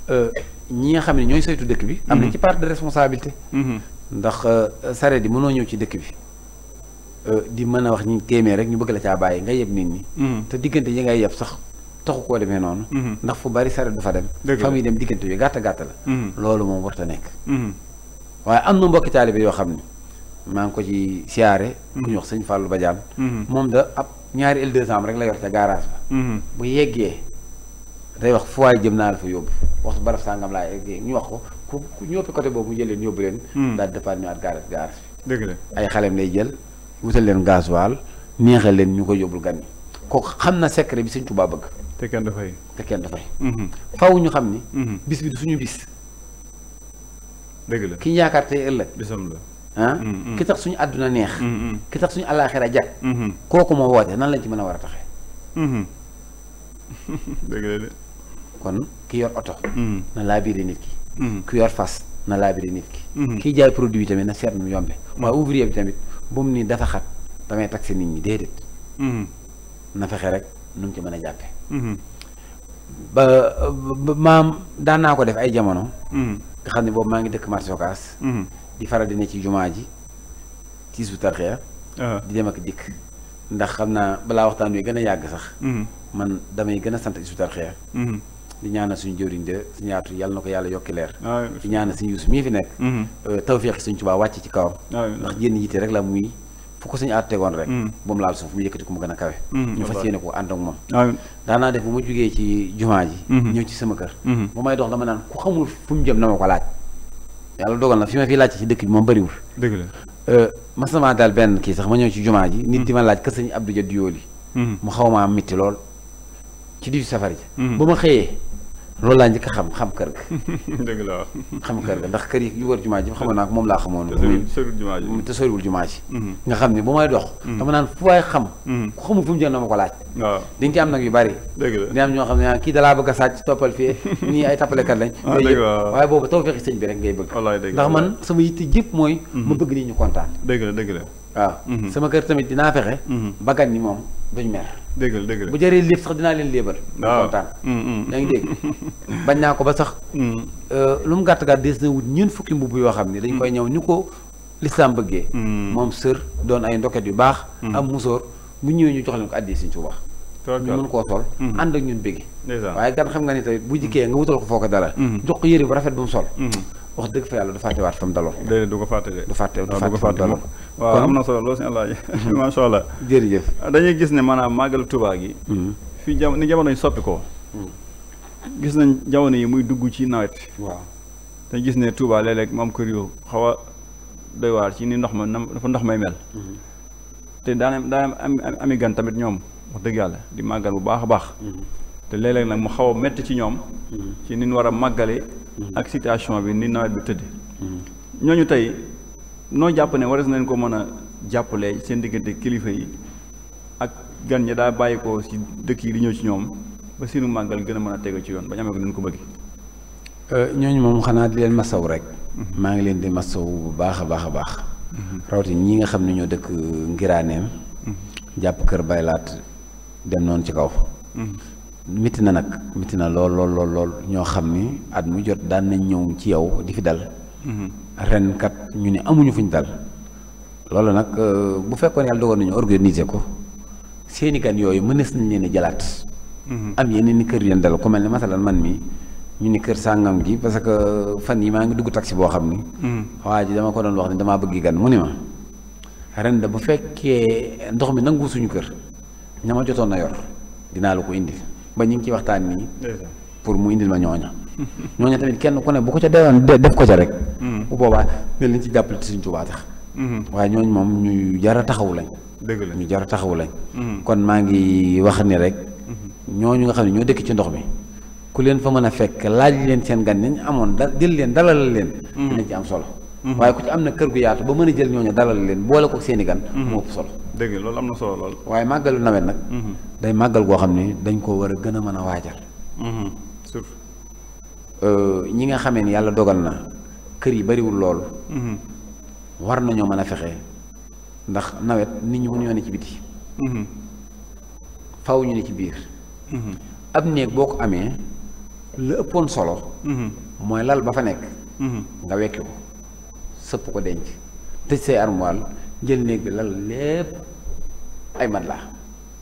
euh, ñi nga xam ne ñooy saytu dëkk bi. am na ci part de responsabilité. ndax euh, saret yi mënoo ñëw ci dëkk bi. Euh, di mën a wax ñi téeméer rek ñu bëgg la caa bàyyi nga yeb nit ñi. Mm-hmm. te diggante yi ngay yeb sax taxu koo demee noonu. Mm-hmm. ndax fu bari saret du fa dem. fa muy dem diggante yu gàtt gàtt la. Mm-hmm. loolu moom warta nekk. waaye am na mbokki taalibe yoo xam ne maa ngi ko ci siyaare. ku wax sëñ Fallou Badiane. moom da ab ñaari am rek la yor ca garage ba. bu yeggee day wax fu waay jëm naa la fa yóbbu wax barab sàngam laa yeggee ñu wax ko ku ñoppi côté boobu mu jël leen yóbbu leen. Mm. daal di defaat ñëwaat garage garage bi. dëgg la ay xalem lay jël. wutal leen gasoil neexal leen ñu ko yóbbul gan kooku xam na secret bi sëñ Tuubaa bëgg. te kenn dafay te kenn dafay. Mhm. faw ñu xam ni. Mhm. bis bi du suñu bis. la ki ñu yaakaar tey ëllëg. la. ah. Mhm. ki tax suñu àdduna neex. ki tax suñu alaaxira jag. kooku moo woote nan lañ ci mën a war a taxee. dëgg la de. kon ki yor oto. na laa biiri nit ki. ki yor fas na laa biiri nit ki. kiy jaay produit tamit na seet mu yombe waaye ouvrier bi tamit. bu mu ni dafa xat damay tax si nit ñi déedéet. Mhm. na fexe rek nu ci mën a jàppe mhm. ba maam daan naa ko def ay jamono. Mhm. nga xam ne boobu maa ngi dëkk marché Ocass. di faral di ne ci jumaa ji ci su tarxee uh-huh. di dem ak dikk. ndax xam naa balaa waxtaan wi gën a yàgg sax. man damay gën a sant isu tarxee di ñaanal suñu jëwriñ de suñu yaatu yàlla na ko yàlla yokki leer di ñaanal suñu Yuusu mii fi nekk mhm. euh, tawféex suñu Tuubaa wàcc ci kawam ndax jénn yitte rek la muy fu ko suñu aat tegoon rek moom laal suuf mu yëkkati ko mu gën a kawe mhm. ñu fas yéene ko ànd ak moom daanaa def bu ma jógee ci jumaa ji mhm. ñëw ci sama kër bu may dox dama naan ku xamul fu jëm na ma ko laaj yàlla dogal na fi ma fi laaj ci dëkk bi moom bëriwul dëgg la euh, mas namaa daal benn kii sax ma ñëw ci jumaa ji nit di ma loolu laa njëkk xam xam kër ga. dëgg la waaw. xam kër ga ndax kër yi yu wër jumaa ji xamoon naa moom laa xamoon. te soriwul jumaa ji mhm. nga xam ne bu may dox. Mhm. dama naan fu waay xam. Mhm. ku xamul fu mu na ma ko laaj. waaw di nga am nag yu bari. dëgg la di am ñoo xam ne ah, kii dalaa bëgg a sàcc toppal fii nii ay tappalekat lañ. ah dëgg waaye boobu taw fexe sëñ bi rek ngay bëgg. wallaay dëgg ndax man sama yitte jëpp mooy. ma bëgg nit ñu kontaan. dëgg la dëgg la waaw sama kër tamit dinaa fexe. bagat ni moom duñ mer dëgg la dëgg la bu jëree liib sax dinaa leen liibal. waaw ah. kontaan. Mm, mm, mm. yaa dégg bañ naa ko ba sax. Euh, lu mu gàtt gàtt des na wut ñun fukki mbubb yoo xam ne. dañ koy ñaw ñu ko lislaam bëggee. moom sër doon ay ndoket yu baax. am musóor bu ñëwee ñu jox leen ko addi si ñu wax. ñu mën koo sol mm-hmm. ànd ak ñun bëgg. waaye gan xam nga ni tamit bu jikkee nga wutal ko foo ko dara. Mm-hmm. jox ko bu rafet bu mu sol. Mm-hmm. wax dëgg fa yàlla du fàttewaat fa mu daloon. déedéet du ko fàtte de. du fàtte du fàtte fa mu daloon waaw am na solo loolu si àllaaji macha allah. jërëjëf dañuy gis ne maanaam màggalu Tuubaa gi. Hmm. fii jamono ni jamono yi soppi ko. Hmm. gis nañ jamono yi muy dugg ci nawet. waaw te gis ne Tuubaa léeg-léeg mu am kër yu xaw a doy waar ci ni ndox ma dafa ndox may mel. Hmm. te daanam daanam am ami gan tamit ñoom wax dëgg yàlla di màggal bu baax a baax. te léeg-léeg nag mu xaw a métti ci ñoom. ci ni ñu war a màggale. ak situation bi ni nawet bi tëddee. Mm-hmm. ñooñu tey noo jàpp ne waras nañ ko mën a jàppale seen diggante kilifa yi ak gan ñi daa bàyyi ko ci dëkk yi di ñëw ci ñoom ba seenu màggal gën a mën a tegu ci yoon ba ñu amee ko ni ko bëggee. Euh, ñooñu moom xanaa di leen masaw rek. Mm-hmm. maa ngi leen di masaw bu baax a baax a baax. Mm-hmm. rawatina ñi nga xam ne ñoo dëkk Ngiraaneem. jàpp kër laat dem noonu ci kaw. miti na nag miti na lool lool lool ñoo xam ni at mu jot daan nañ ñëw ci yow di fi dal. Mhm. ren kat ñu ni amuñu fu ñu dal. loolu nag euh, bu fekkoon yàlla dogal nañu organiser ko seeni gan yooyu mënees nañ leen a jalaat mhm. am yeneen i kër yu leen dal ku mel ne masalan man mi ñu ni kër sàngam gi parce que fan yi maa ngi dugg taxi boo xam ni. Mhm. waa ji dama ko doon wax ni damaa bëgg gan mu ni ma. ren da bu fekkee ndox mi nangu suñu kër ña jotoon na yor dinaa la ko indi. ba ñu ngi ci waxtaan nii. pour mu indil ma ñooña. ñooña tamit kenn ku ne bu ko ca deewoon def ko ca rek. Mm-hmm. bu boobaa mel nañ ci jàppale suñ Sëriñ Tuubaa mm-hmm. waaye ñooñu moom ñu jar a taxawu lañ. dëgg la ñu jar a taxawu mm-hmm. kon maa ngi wax ni rek. ñooñu nga xam ne ñoo dëkk ci ndox mi. ku leen fa mën a fekk laaj leen seen gan nañ amoon da jël leen dalal leen. dinañ ci am solo. waaye ku ci am na kër gu yaatu ba mën a jël ñooñu dalal leen boole ko seeni gan. moo ëpp solo. dëgg loolu am na solo lool. waaye màggalu nawet nag. Mhm. day màggal goo xam ne dañ koo war a gën a mën a waajal. Mhm. surtout. Euh, ñi nga xame ni yàlla dogal na kër yi bariwul lool. Mhm. war nañoo mën a fexe ndax nawet nit ñi mënuñoo ne ci biti. faw ñu ne ci biir. ab néeg boo ko amee la ëppoon solo. mooy lal ba fa nekk. nga wekki ko sëpp ko denc tëj say armoire. jël néeg bi lal lépp ay mat la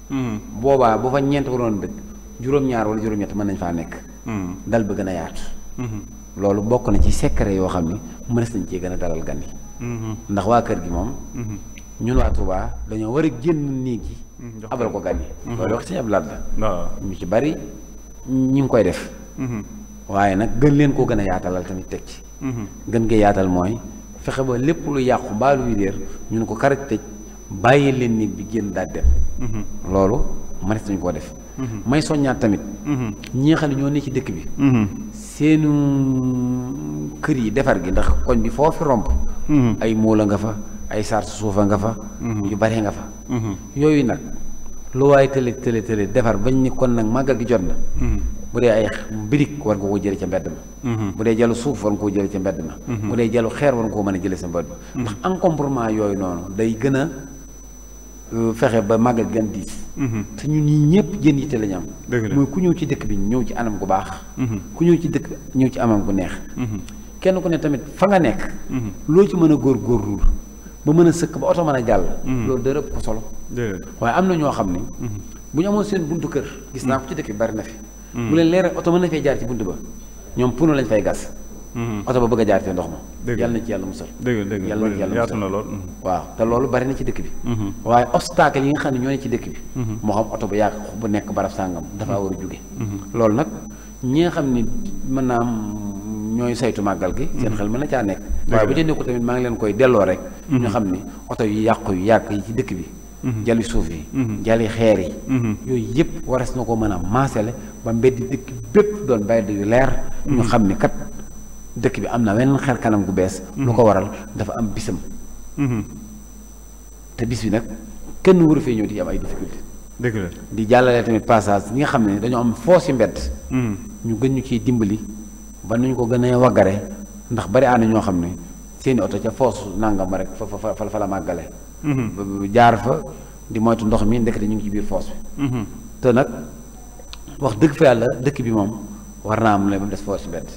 hmm. boobaa bu fa ñeent waroon dëkk juróom-ñaar wala juróom-ñett mën nañ faa nekk hmm. dal ba gën a yaatu hmm. loolu bokk na ci secret yoo xam ni mënees nañ cee gën a dalal gan ndax waa kër gi moom ñun waa Touba dañoo war a génn néeg yi abal ko gan yi loolu wax ci ab laat la ñu ci bari ñi ngi koy def waaye nag gën leen koo gën a yaatalal tamit teg ci gën nga yaatal mooy fexe ba lépp lu yàqu mbaa luy réer ñu ne ko karaj tëj bàyyi leen néeg bi génn daal dem mhm. loolu manees nañu koo def mhm. may soññaat tamit mhm. ñi xam ne ñoo ne ci dëkk bi seenu kër yi defar gi ndax koñ bi foofu romb ay móol a nga fa ay saar suufa nga fa yu bare nga fa yooyu nag lu waaye tële tële tële defar bañ ni kon nag màggal gi jot na bu dee ay birig war nga koo jële ca mbedd ma mhm. bu dee jalu suuf war nga koo jële ca mbedd ma mhm. bu dee jalu xeer war nga koo mën a jële sa mbedd ma mhm. ndax encombrement yooyu noonu day gën a euh, fexe ba màggal gën diis te ñun ñii ñëpp jën yitte la ñu am mooy ku ñëw ci dëkk bi ñëw ci anam gu baax ku ci dëkk ñëw ci anam gu neex kenn ku ne tamit fa nga nekk loo ci mën a góor góorlu ba mën a sëkk ba oto mën a jàll loolu dara ëpp ko solo waaye am na ñoo xam ne bu ñu amoon seen buntu kër gis naa ko ci dëkk bi bari na fi bu hmm. leen leeral oto mën na fay jaar ci bunt ba ñoom pono lañ fay gas hmm. oto ba bëgg a jaar fee ndox ma yàlla na ci yàlla musal dëgg dëgg yàlla na ci yàlla musal lool hmm. waaw te loolu bari na ci dëkk bi waaye obstacle yi nga xam ne ba yàq bu nekk barab sàngam dafaa war a jóge loolu nag ñi nga xam ne mën naa am ñooy saytu màggal gi seen xel mën na caa nekk waaye bu ca nekkul tamit maa ngi leen koy delloo rek ñu xam ne oto yu yàqu yu yàq yi ci dëkk bi jali suuf yi jali xeer yi yooyu yëpp waras na ko mën a maasale ba mbedd dëkk bépp doon mbedd yu leer mm. ñu xam ni kat dëkk bi am na weneen xel kanam gu bees lu mm. ko waral dafa am bisam mm-hmm. te bis bi nag kenn waru fee ñëw di am ay difficulté dëgg la di jàllalee tamit passage nga xam ne dañoo am foosi mbedd mm-hmm. ñu gën ñu ciy dimbali ba nuñ ko gën a waggare ndax bari ànd ñoo xam ne seeni oto ca foos nangam rek fa fa fa la màggale mm-hmm. jaar fa di moytu ndox mi ndekete ñu ngi ci biir foos bi te nag wax dëgg fa yàlla dëkk bi moom war naa am lu ne ba mu des force mbedd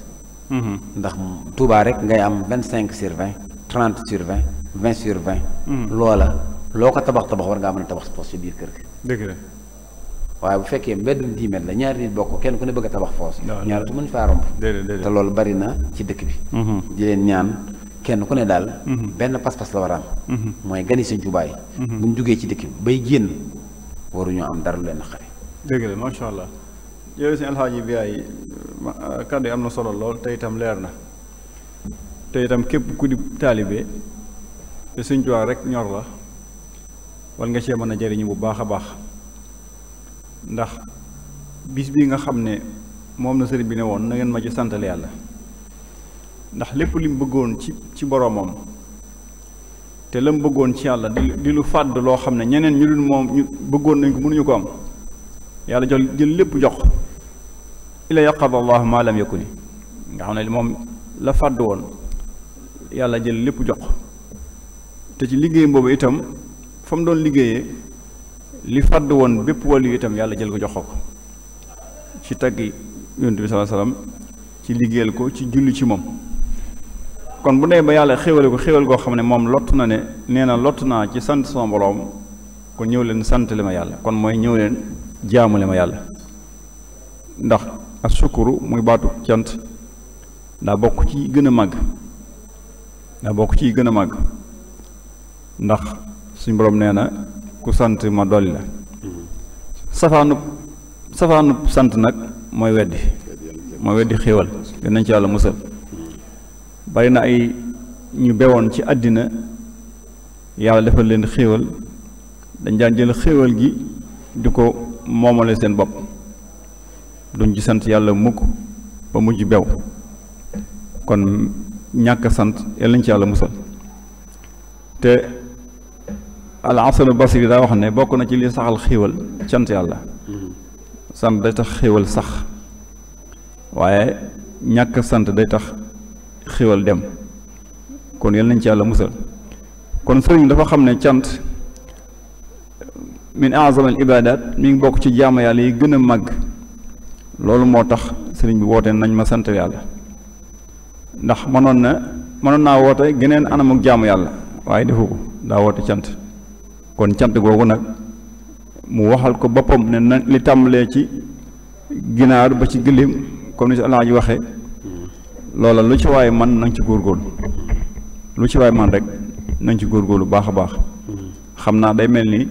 mhm. ndax Touba rek ngay am vingt cinq sur vingt trente sur vingt vingt sur mhm. loola loo ko tabax tabax war ngaa mën a tabax foos ci biir kër gi dëgg la waaye bu fekkee mbeddum dix mètres la ñaari nit bokk kenn ku ne bëgg a tabax foos ñaar tu mën faa romb te loolu bari na ci dëkk bi mhm. di ñaan kenn ku ne daal benn pas-pas la war a am mooy gani sëñ Touba yi bu ñu jugee ci dëkk bi bay génn waruñoo yooyu seen alxaaji biyaay ah, kàddu yi am na solo lool te itam leer na te itam képp ku di taalibe te Sëñ Tuubaa rek ñor la war nga cee mën a jariñu bu baax a baax ndax bis bi nga xam ne moom na sëriñ bi ne woon na ngeen ma ci santale yàlla ndax lépp li mu bëggoon ci ci boroomam te la bëggoon ci yàlla di di lu fàdd loo xam ne ñeneen ñu dul moom ñu bëggoon nañ ko mënuñu ko am yàlla jël jël lépp jox ila yaqada allahu ma lam yakuni nga xam ne moom la fàddu woon yàlla jël lépp jox te ci liggéeyam mboobu itam fa mu doon liggéeyee li fàdd woon bépp wàllu itam yàlla jël ko jox ko ci tagg yonent bi sallallahu alayhi wasallam ci liggéeyal ko ci julli ci moom kon bu nee ba yàlla xéwale ko xéwal koo xam ne moom lott na ne nee na lott naa ci sant sama boroom kon ñëw leen sant li ma yàlla kon mooy ñëwleen leen ma yàlla ndax ak sukuru muy baatu cant daa bokk ci gën a màgg daa bokk ci gën a màgg ndax suñ borom nee na ku sant ma dolli la safaanub safaanub sant nag mooy weddi mooy weddi xéewal dinañ ci yàlla musal bari na ay ñu bewoon ci àddina yàlla defal leen xéewal dañ daan jël xéewal gi di ko moomale seen bopp duñ ci sant yàlla mukk ba mujj bew kon ñàkk sant yàlla nañ ci yàlla musal te al hasan daa wax ne bokk na ci li saxal xéewal sant yàlla sant day tax xéewal sax waaye ñàkk sant day tax xéewal dem kon yàlla nañ ci yàlla musal kon sëriñ dafa xam ne cant min azam al ibadat ngi bokk ci jaamu yàlla yi gën a màgg loolu moo tax sëriñ bi woote nañ ma sant yàlla ndax mënoon na mënoon naa woote geneen anam ak jaamu yàlla waaye defu ko daa woote cant kon cant googu nag mu waxal ko boppam ne na li tàmbalee ci ginaar ba ci gëléem comme ni si alaaji waxee loola lu ci waaye man nang ci góor góorlu ci waay man rek nang ci góorgóorlu baax a baax xam naa day mel ni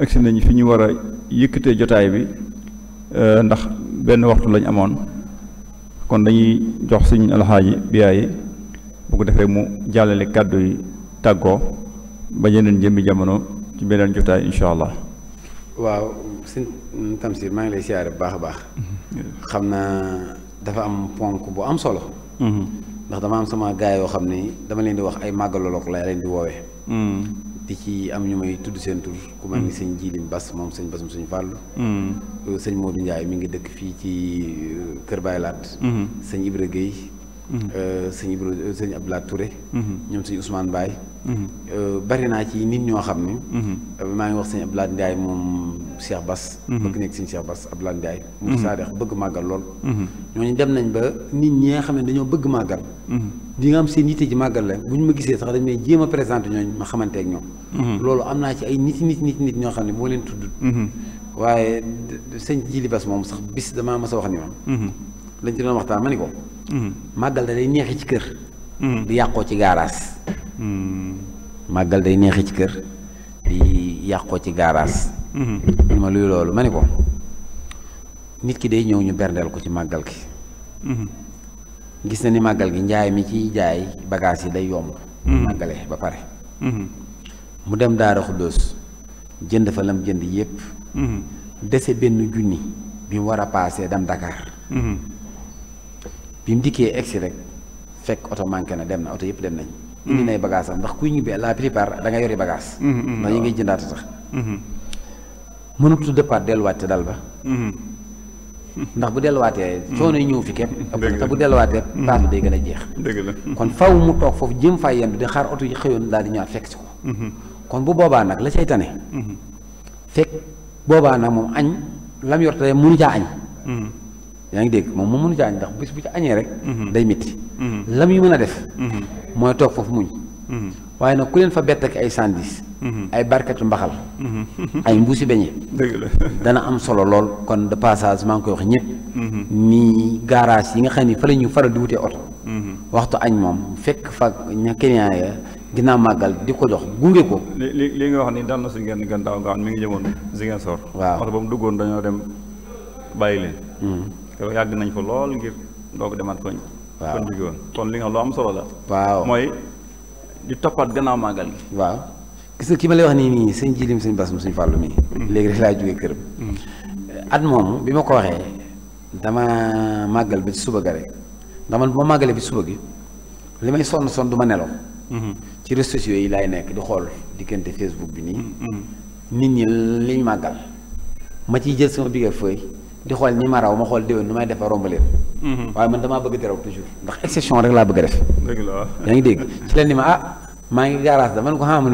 agsi nañu fi ñu war a yëkkatee jotaay bi euh, ndax benn waxtu lañu amoon kon dañuy jox suñu alxaaji biyaayi bu ko defee mu jàllale kàddu yi tàggoo ba yeneen jëmmi jamono ci beneen jotaay incha allah. waaw sëñ Tamsir maa ngi lay siyaare bu baax a baax. xam naa dafa am ponk bu am solo. Mm-hmm. ndax dama am sama gaay yoo xam ni dama leen di wax ay màggaloloog laa leen di woowee. Mm-hmm. di ci am ñu may tudd seen tur. ku mel ni mm. sëñ Jilim Bas moom sëñ Bas mu sëñ Fàllu. Mm. Euh, sëñ Modou Ndiaye mi ngi dëkk fii ci euh, Kër Baye Laat. Mm-hmm. sëñ Ibra Guèye. Mm-hmm. Euh, sëñ Ibra mm-hmm. ñoom sëñ Ousmane Baye. bari ci nit ñoo xam ne. maa ngi wax sëñ Abdoulaye Ndiaye moom Cheikh Bas. bëgg nekk sëñ Cheikh Bas Abdoulaye Ndiaye. mu Sadex bëgg màggal lool. ñooñu dem nañ ba nit ñi nga xam ne dañoo bëgg màggal. li nga am seen yitte ji màggal la bu ñu ma gisee sax dañ may jéem présent présenté ñooñ ma xamante ak ñoom mhm. loolu am naa ci ay nit nit nit nit ñoo xam ne boo leen tudd mhm. waaye sëñ Jili moom sax bis damaa mas a wax ni ma mhm. lañ ci doon waxtaan ma ni ko màggal da day neexee ci kër di yàqoo ci gaaraas màggal day neexee ci kër di yàqoo ci gaaraas ni ma luy loolu ma ni ko nit ki day ñëw ñu berndeel ko ci màggal ki gis na ni màggal gi njaay mi ciy jaay bagaas yi day yomb mhm. màggale ba pare mhm. mu dem daara xuddoos jënd fa lam jënd yépp mhm. dese benn junni bi war a paasee dem Dakar bi mu dikkee egsi rek fekk oto manqué na dem na oto yépp dem nañ indi nay bagage am ndax kuy ñibbi la plupart da yori bagage ndax yi ngay jëndaata sax mënutu départ delluwaat te dal ba ndax bu delluwaatee hmm. coono yi ñëw fi képp te bu delluwaatee paas hmm. bi day gën a jeex dëgg la hmm. kon faw mu toog foofu jëm fay yendu di xaar oto yi xëyoon daal di ñëwaat fekk si ko kon bu boobaa nag la cay tane fekk boobaa nag moom añ lam yor te mënu caa añ yaa ngi dégg moom mu mënu caa añ ndax bis bu ci añee rek day métti lam yu mën a def mooy toog foofu muñ waaye nag ku leen fa bett ak ay sandis mhm. ay barketu mbaxal mhm. ay mbuusi beñe dëgg la dana am solo lool kon de passage maa ngi koy wax ñëpp mhm. nii garage yi nga xam ni fa la ñu faral di wutee oto waxtu añ moom fekk fa ña client ya ginnaaw màggal di ko jox gunge ko li li nga wax ni dal na suñu ngeen gan daaw nga xam mi ngi jëmoon Ziguinchor waaw oto ba mu duggoon dañoo dem bàyyi leen yàgg nañ fa lool ngir doo ko demaat ko kon jóge la waaw mooy di toppaat gannaaw màggal gi. waaw gis nga ki ma lay wax nii nii sëñ Jilim sëñ Bas mu sëñ Fàllu mii. Mm-hmm. léegi rek laa jógee këram. Mm-hmm. at moom bi ma ko waxee dama màggal ba ci suba ga rek ndax man bu ma màggalee bi suba gi li may sonn sonn du ma nelaw. Mm-hmm. ci réseaux sociaux yi laay nekk di xool diggante Facebook bi nii. nit ñi liñ màggal. ma ciy jël sama bigga feuille di xool ñi ma raw ma xool déwén nu may def ba romb leen. Mhm. waaye man damaa bëgg di raw toujours ndax exception rek laa bëgg a def. la waaw yaa ngi dégg ci la ni ma ah maa ngi garage da man ko xam ah,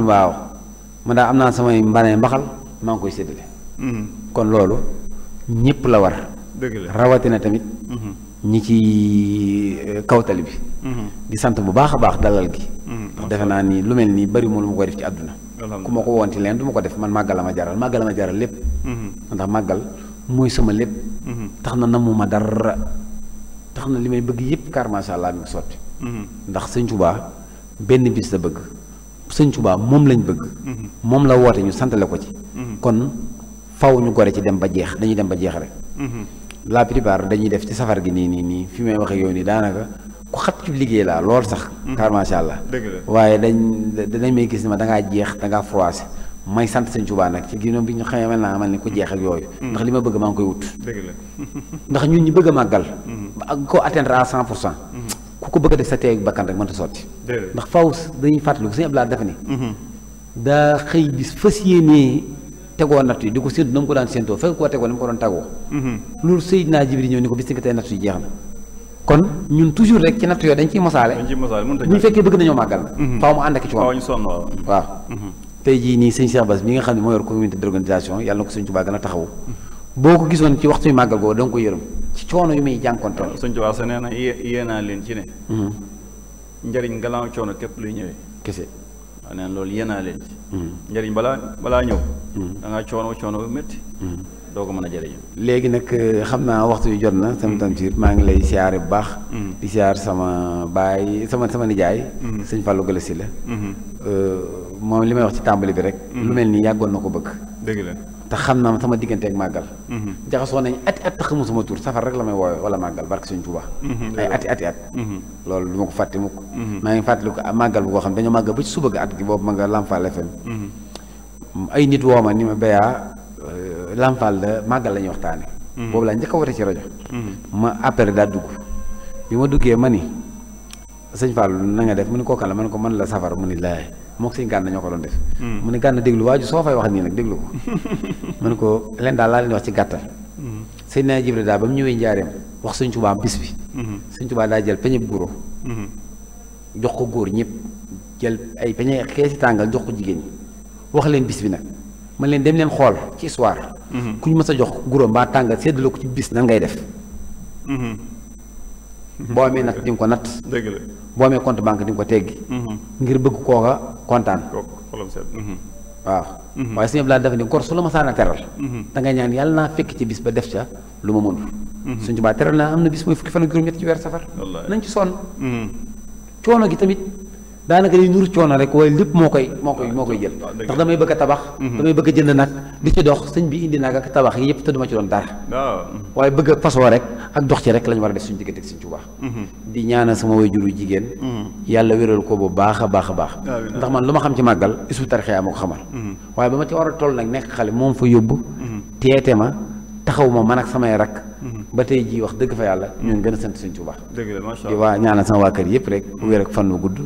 ne daa am naa samay mbanee mbaxal ma ngi koy séddale. Mhm. kon loolu ñëpp la war. dëgg rawatina tamit. Mhm. ñi ci euh, kawtali bi. di sant bu baax a baax dalal gi. ndax defe naa ni lu mel nii bariwul lu ma koy def ci àdduna. ku ma ko woon ci leen du ma ko def man màggal la ma jaral màggal la ma jaral lépp. ndax màggal. mooy sama lépp. Mm-hmm. tax na namuma dara tax na li may bëgg yëpp car macha allah mi ngi mm-hmm. ndax sëñ Tuubaa benn bis la bëgg sëñ Tuubaa moom lañ bëgg. Mm-hmm. moom la woote ñu santale ko ci. kon faw ñu gore ci dem ba jeex dañuy dem ba jeex rek. la plupart dañuy def ci safar gi nii nii nii fi may waxee yow nii daanaka ku xat ci liggéey laa lool sax. car macha waaye dañ dañ may gis ne ma dangaa jeex dangaa ngaa may sant sëñ Tuubaa nag ci ginnaaw bi ñu xamee mel naa amal ni ko jeex yooyu. Mm. ndax li ma bëgg maa ngi koy wut. dëgg la ndax ñun ñu bëgg a màggal. Mm-hmm. ak ko atteindre a cent pour cent. Mm-hmm. ku ko bëgg a def sa teeg bakkan rek mënta sotti. ndax faaw dañuy fàttaliku sëñ Abdoulaye dafa ni. Mm-hmm. daa xëy bis fas yéenee tegoo natt ñëw ni ko bis nga tey natt yi jeex na kon ñun toujours rek ci natt yooyu dañ ciy mosaale bu ñu fekkee bëgg nañoo màggal na faaw mu ànd ak ci waaw tey jii nii sëñ Cheikh Bass mi nga xam ne moo yor comité d'organisation yàlla na ko sëñ Tuubaa gën a taxawu boo ko gisoon ci waxtu yu màggal googu da nga ko yërëm ci coono yu sa nee na yee naa leen ci ne. Mm-hmm. njëriñ ngalaaw coono képp luy ñëwee. kese waaw loolu yee naa leen ci. Mm-hmm. njëriñ balaa ñëw. Mm-hmm. da ngaa coono coono bu métti. doo ko mën a jëriñu. léegi nag euh, xam naa waxtu yu jot na. sama tamit maa ngi lay siyaare bu baax. di sama baay sama sama nijaay. sëñ Fallou Galassy la. Euh, moom li may wax ci tàmbali bi rek. Mhm. lu mel nii yàggoon na ko bëgg. dëgg la te xam naa sama diggante ak màggal. Mhm. jaxasoo nañ ati at tax mu sama tur safar rek la may woowee wala màggal barke Sëñ Tuubaa. Mhm, ay ati ati at. ma ko ngi fàttali ko màggal bu ko xam dañoo màggal ba ci suba ga gi boobu ma nga Lamfal FM. ay woo ma ni ma béyaa euh, Lamfal da màggal la ñuy waxtaanee. boobu laa njëkk a wote ci rajo. ma après daa dugg bi ma duggee ma ni sëñ Fall na nga def mu ni kookan la ko man la safar mu ni laay. moo ko sëñ gànn ñoo ko doon def hmm. mu ne gànn déglu waaju soo fay wax nii nag déglu ko mu ne ko leen daal laa leen wax ci gàttal hmm. sëñ naa Jibril daal ba mu ñëwee njaareem wax sëñ Tuubaa bis bi hmm. sëñ Tuubaa daa jël peñe guro jox ko góor ñëpp jël ay peñe xeesi tàngal jox ko jigéen ñi wax leen bis bi nag man leen dem leen xool ci histoire ku ñu mës a jox guro mbaa tàngal séddale ko ci bis nan ngay def boo amee natt di ko natt dëgg la boo amee compte banque ko teggi kontaan. Mhm. Mhm. waaw. Mhm. waaye suñu laa def ni gor su la ma saana teral. da nga ñaan yàlla naa fekk ci bis ba def ca lu ma mënul. suñu tubaab teral naa am na bis mooy fukki fan juróom-ñett ci weer safar. nañ ci sonn. coono gi tamit daanaka di nur coono rek waaye lépp moo koy moo koy moo koy jël ndax damay bëgg a tabax mhm. damay bëgg a jënd nag di ci dox sëñ bi indi nag ak tabax yi yëpp te duma ci doon dara waaye bëgg a fasoo rek ak dox ci rek la ñu war a def suñu diggante ak sëñ Tuubaa mhm. di ñaanal sama waajuru jigéen mhm. yàlla wéral ko bu baax a baax a baax ndax man lu ma xam ci màggal isu tarxee ma ko xamal waaye ba ma ci war a toll nag nekk xale moom fa yóbbu teete ma taxaw ma man ak samay rak ba tey jii wax dëgg fa yàlla ñoo ngi gën a sant Sëñ Tuubaa dëgg la ma di waa ñaanal sama waa kër yëpp rek wér ak fan wu gudd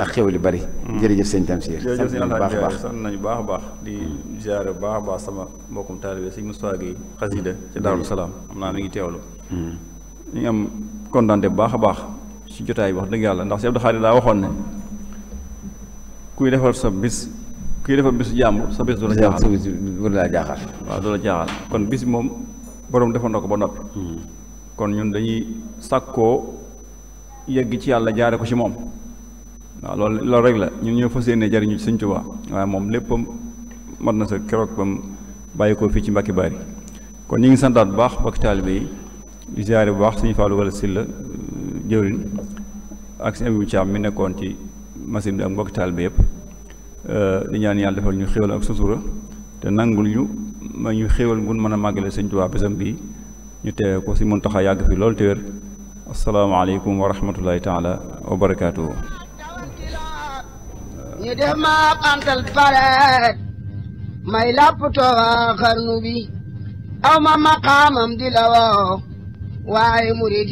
ak xew li bari mm. jërëjëf Sëñ Tamsir sant nañu baax baax sant a baax di a baax sama mbokkum taalibe Sëñ Moussa Gueye xasida mm. ci Daaru xam naa mi ngi teewlu mm. ñu ngi am kontaante bu baax a baax ci jotaay wax dëgg yàlla ndax si Abdou Khadir daa waxoon ne kuy defal sa bis kuy bis du la jaaxal waaw du la jaaxal kon bis moom boroom defal na ko ba noppi hmm. kon ñun dañuy sàkkoo yegg ci yàlla jaare ko ci moom waaw loolu loolu rek la ñun ñoo fa yéene jariñu ci Sëñ Tuubaa waaye moom léppam mat na sa keroog bam bàyyi koo fii ci Mbàkke Bari kon ñu ngi santaat bu baax mbokki taalibe yi di bu baax suñu Fallou Gala silla euh, jëwrin ak Sëñ Abibou Thiam mu nekkoon ci machine bi ak mbokki taalibe yëpp euh, di ñaan yàlla defal ñu xéwal ak sutura te nangul ñu ma ñu xéewal ngun mën a màggale sëñ Tuubaa bésam bi ñu teewe ko si Muntaxa yàgg fi loolu te wér asalaamaaleykum wa rahmatullahi taala wa barakaatuhu ñu def maam antal pare may làpptoo xarnu bi aw ma maqaamam di la woo waaye murid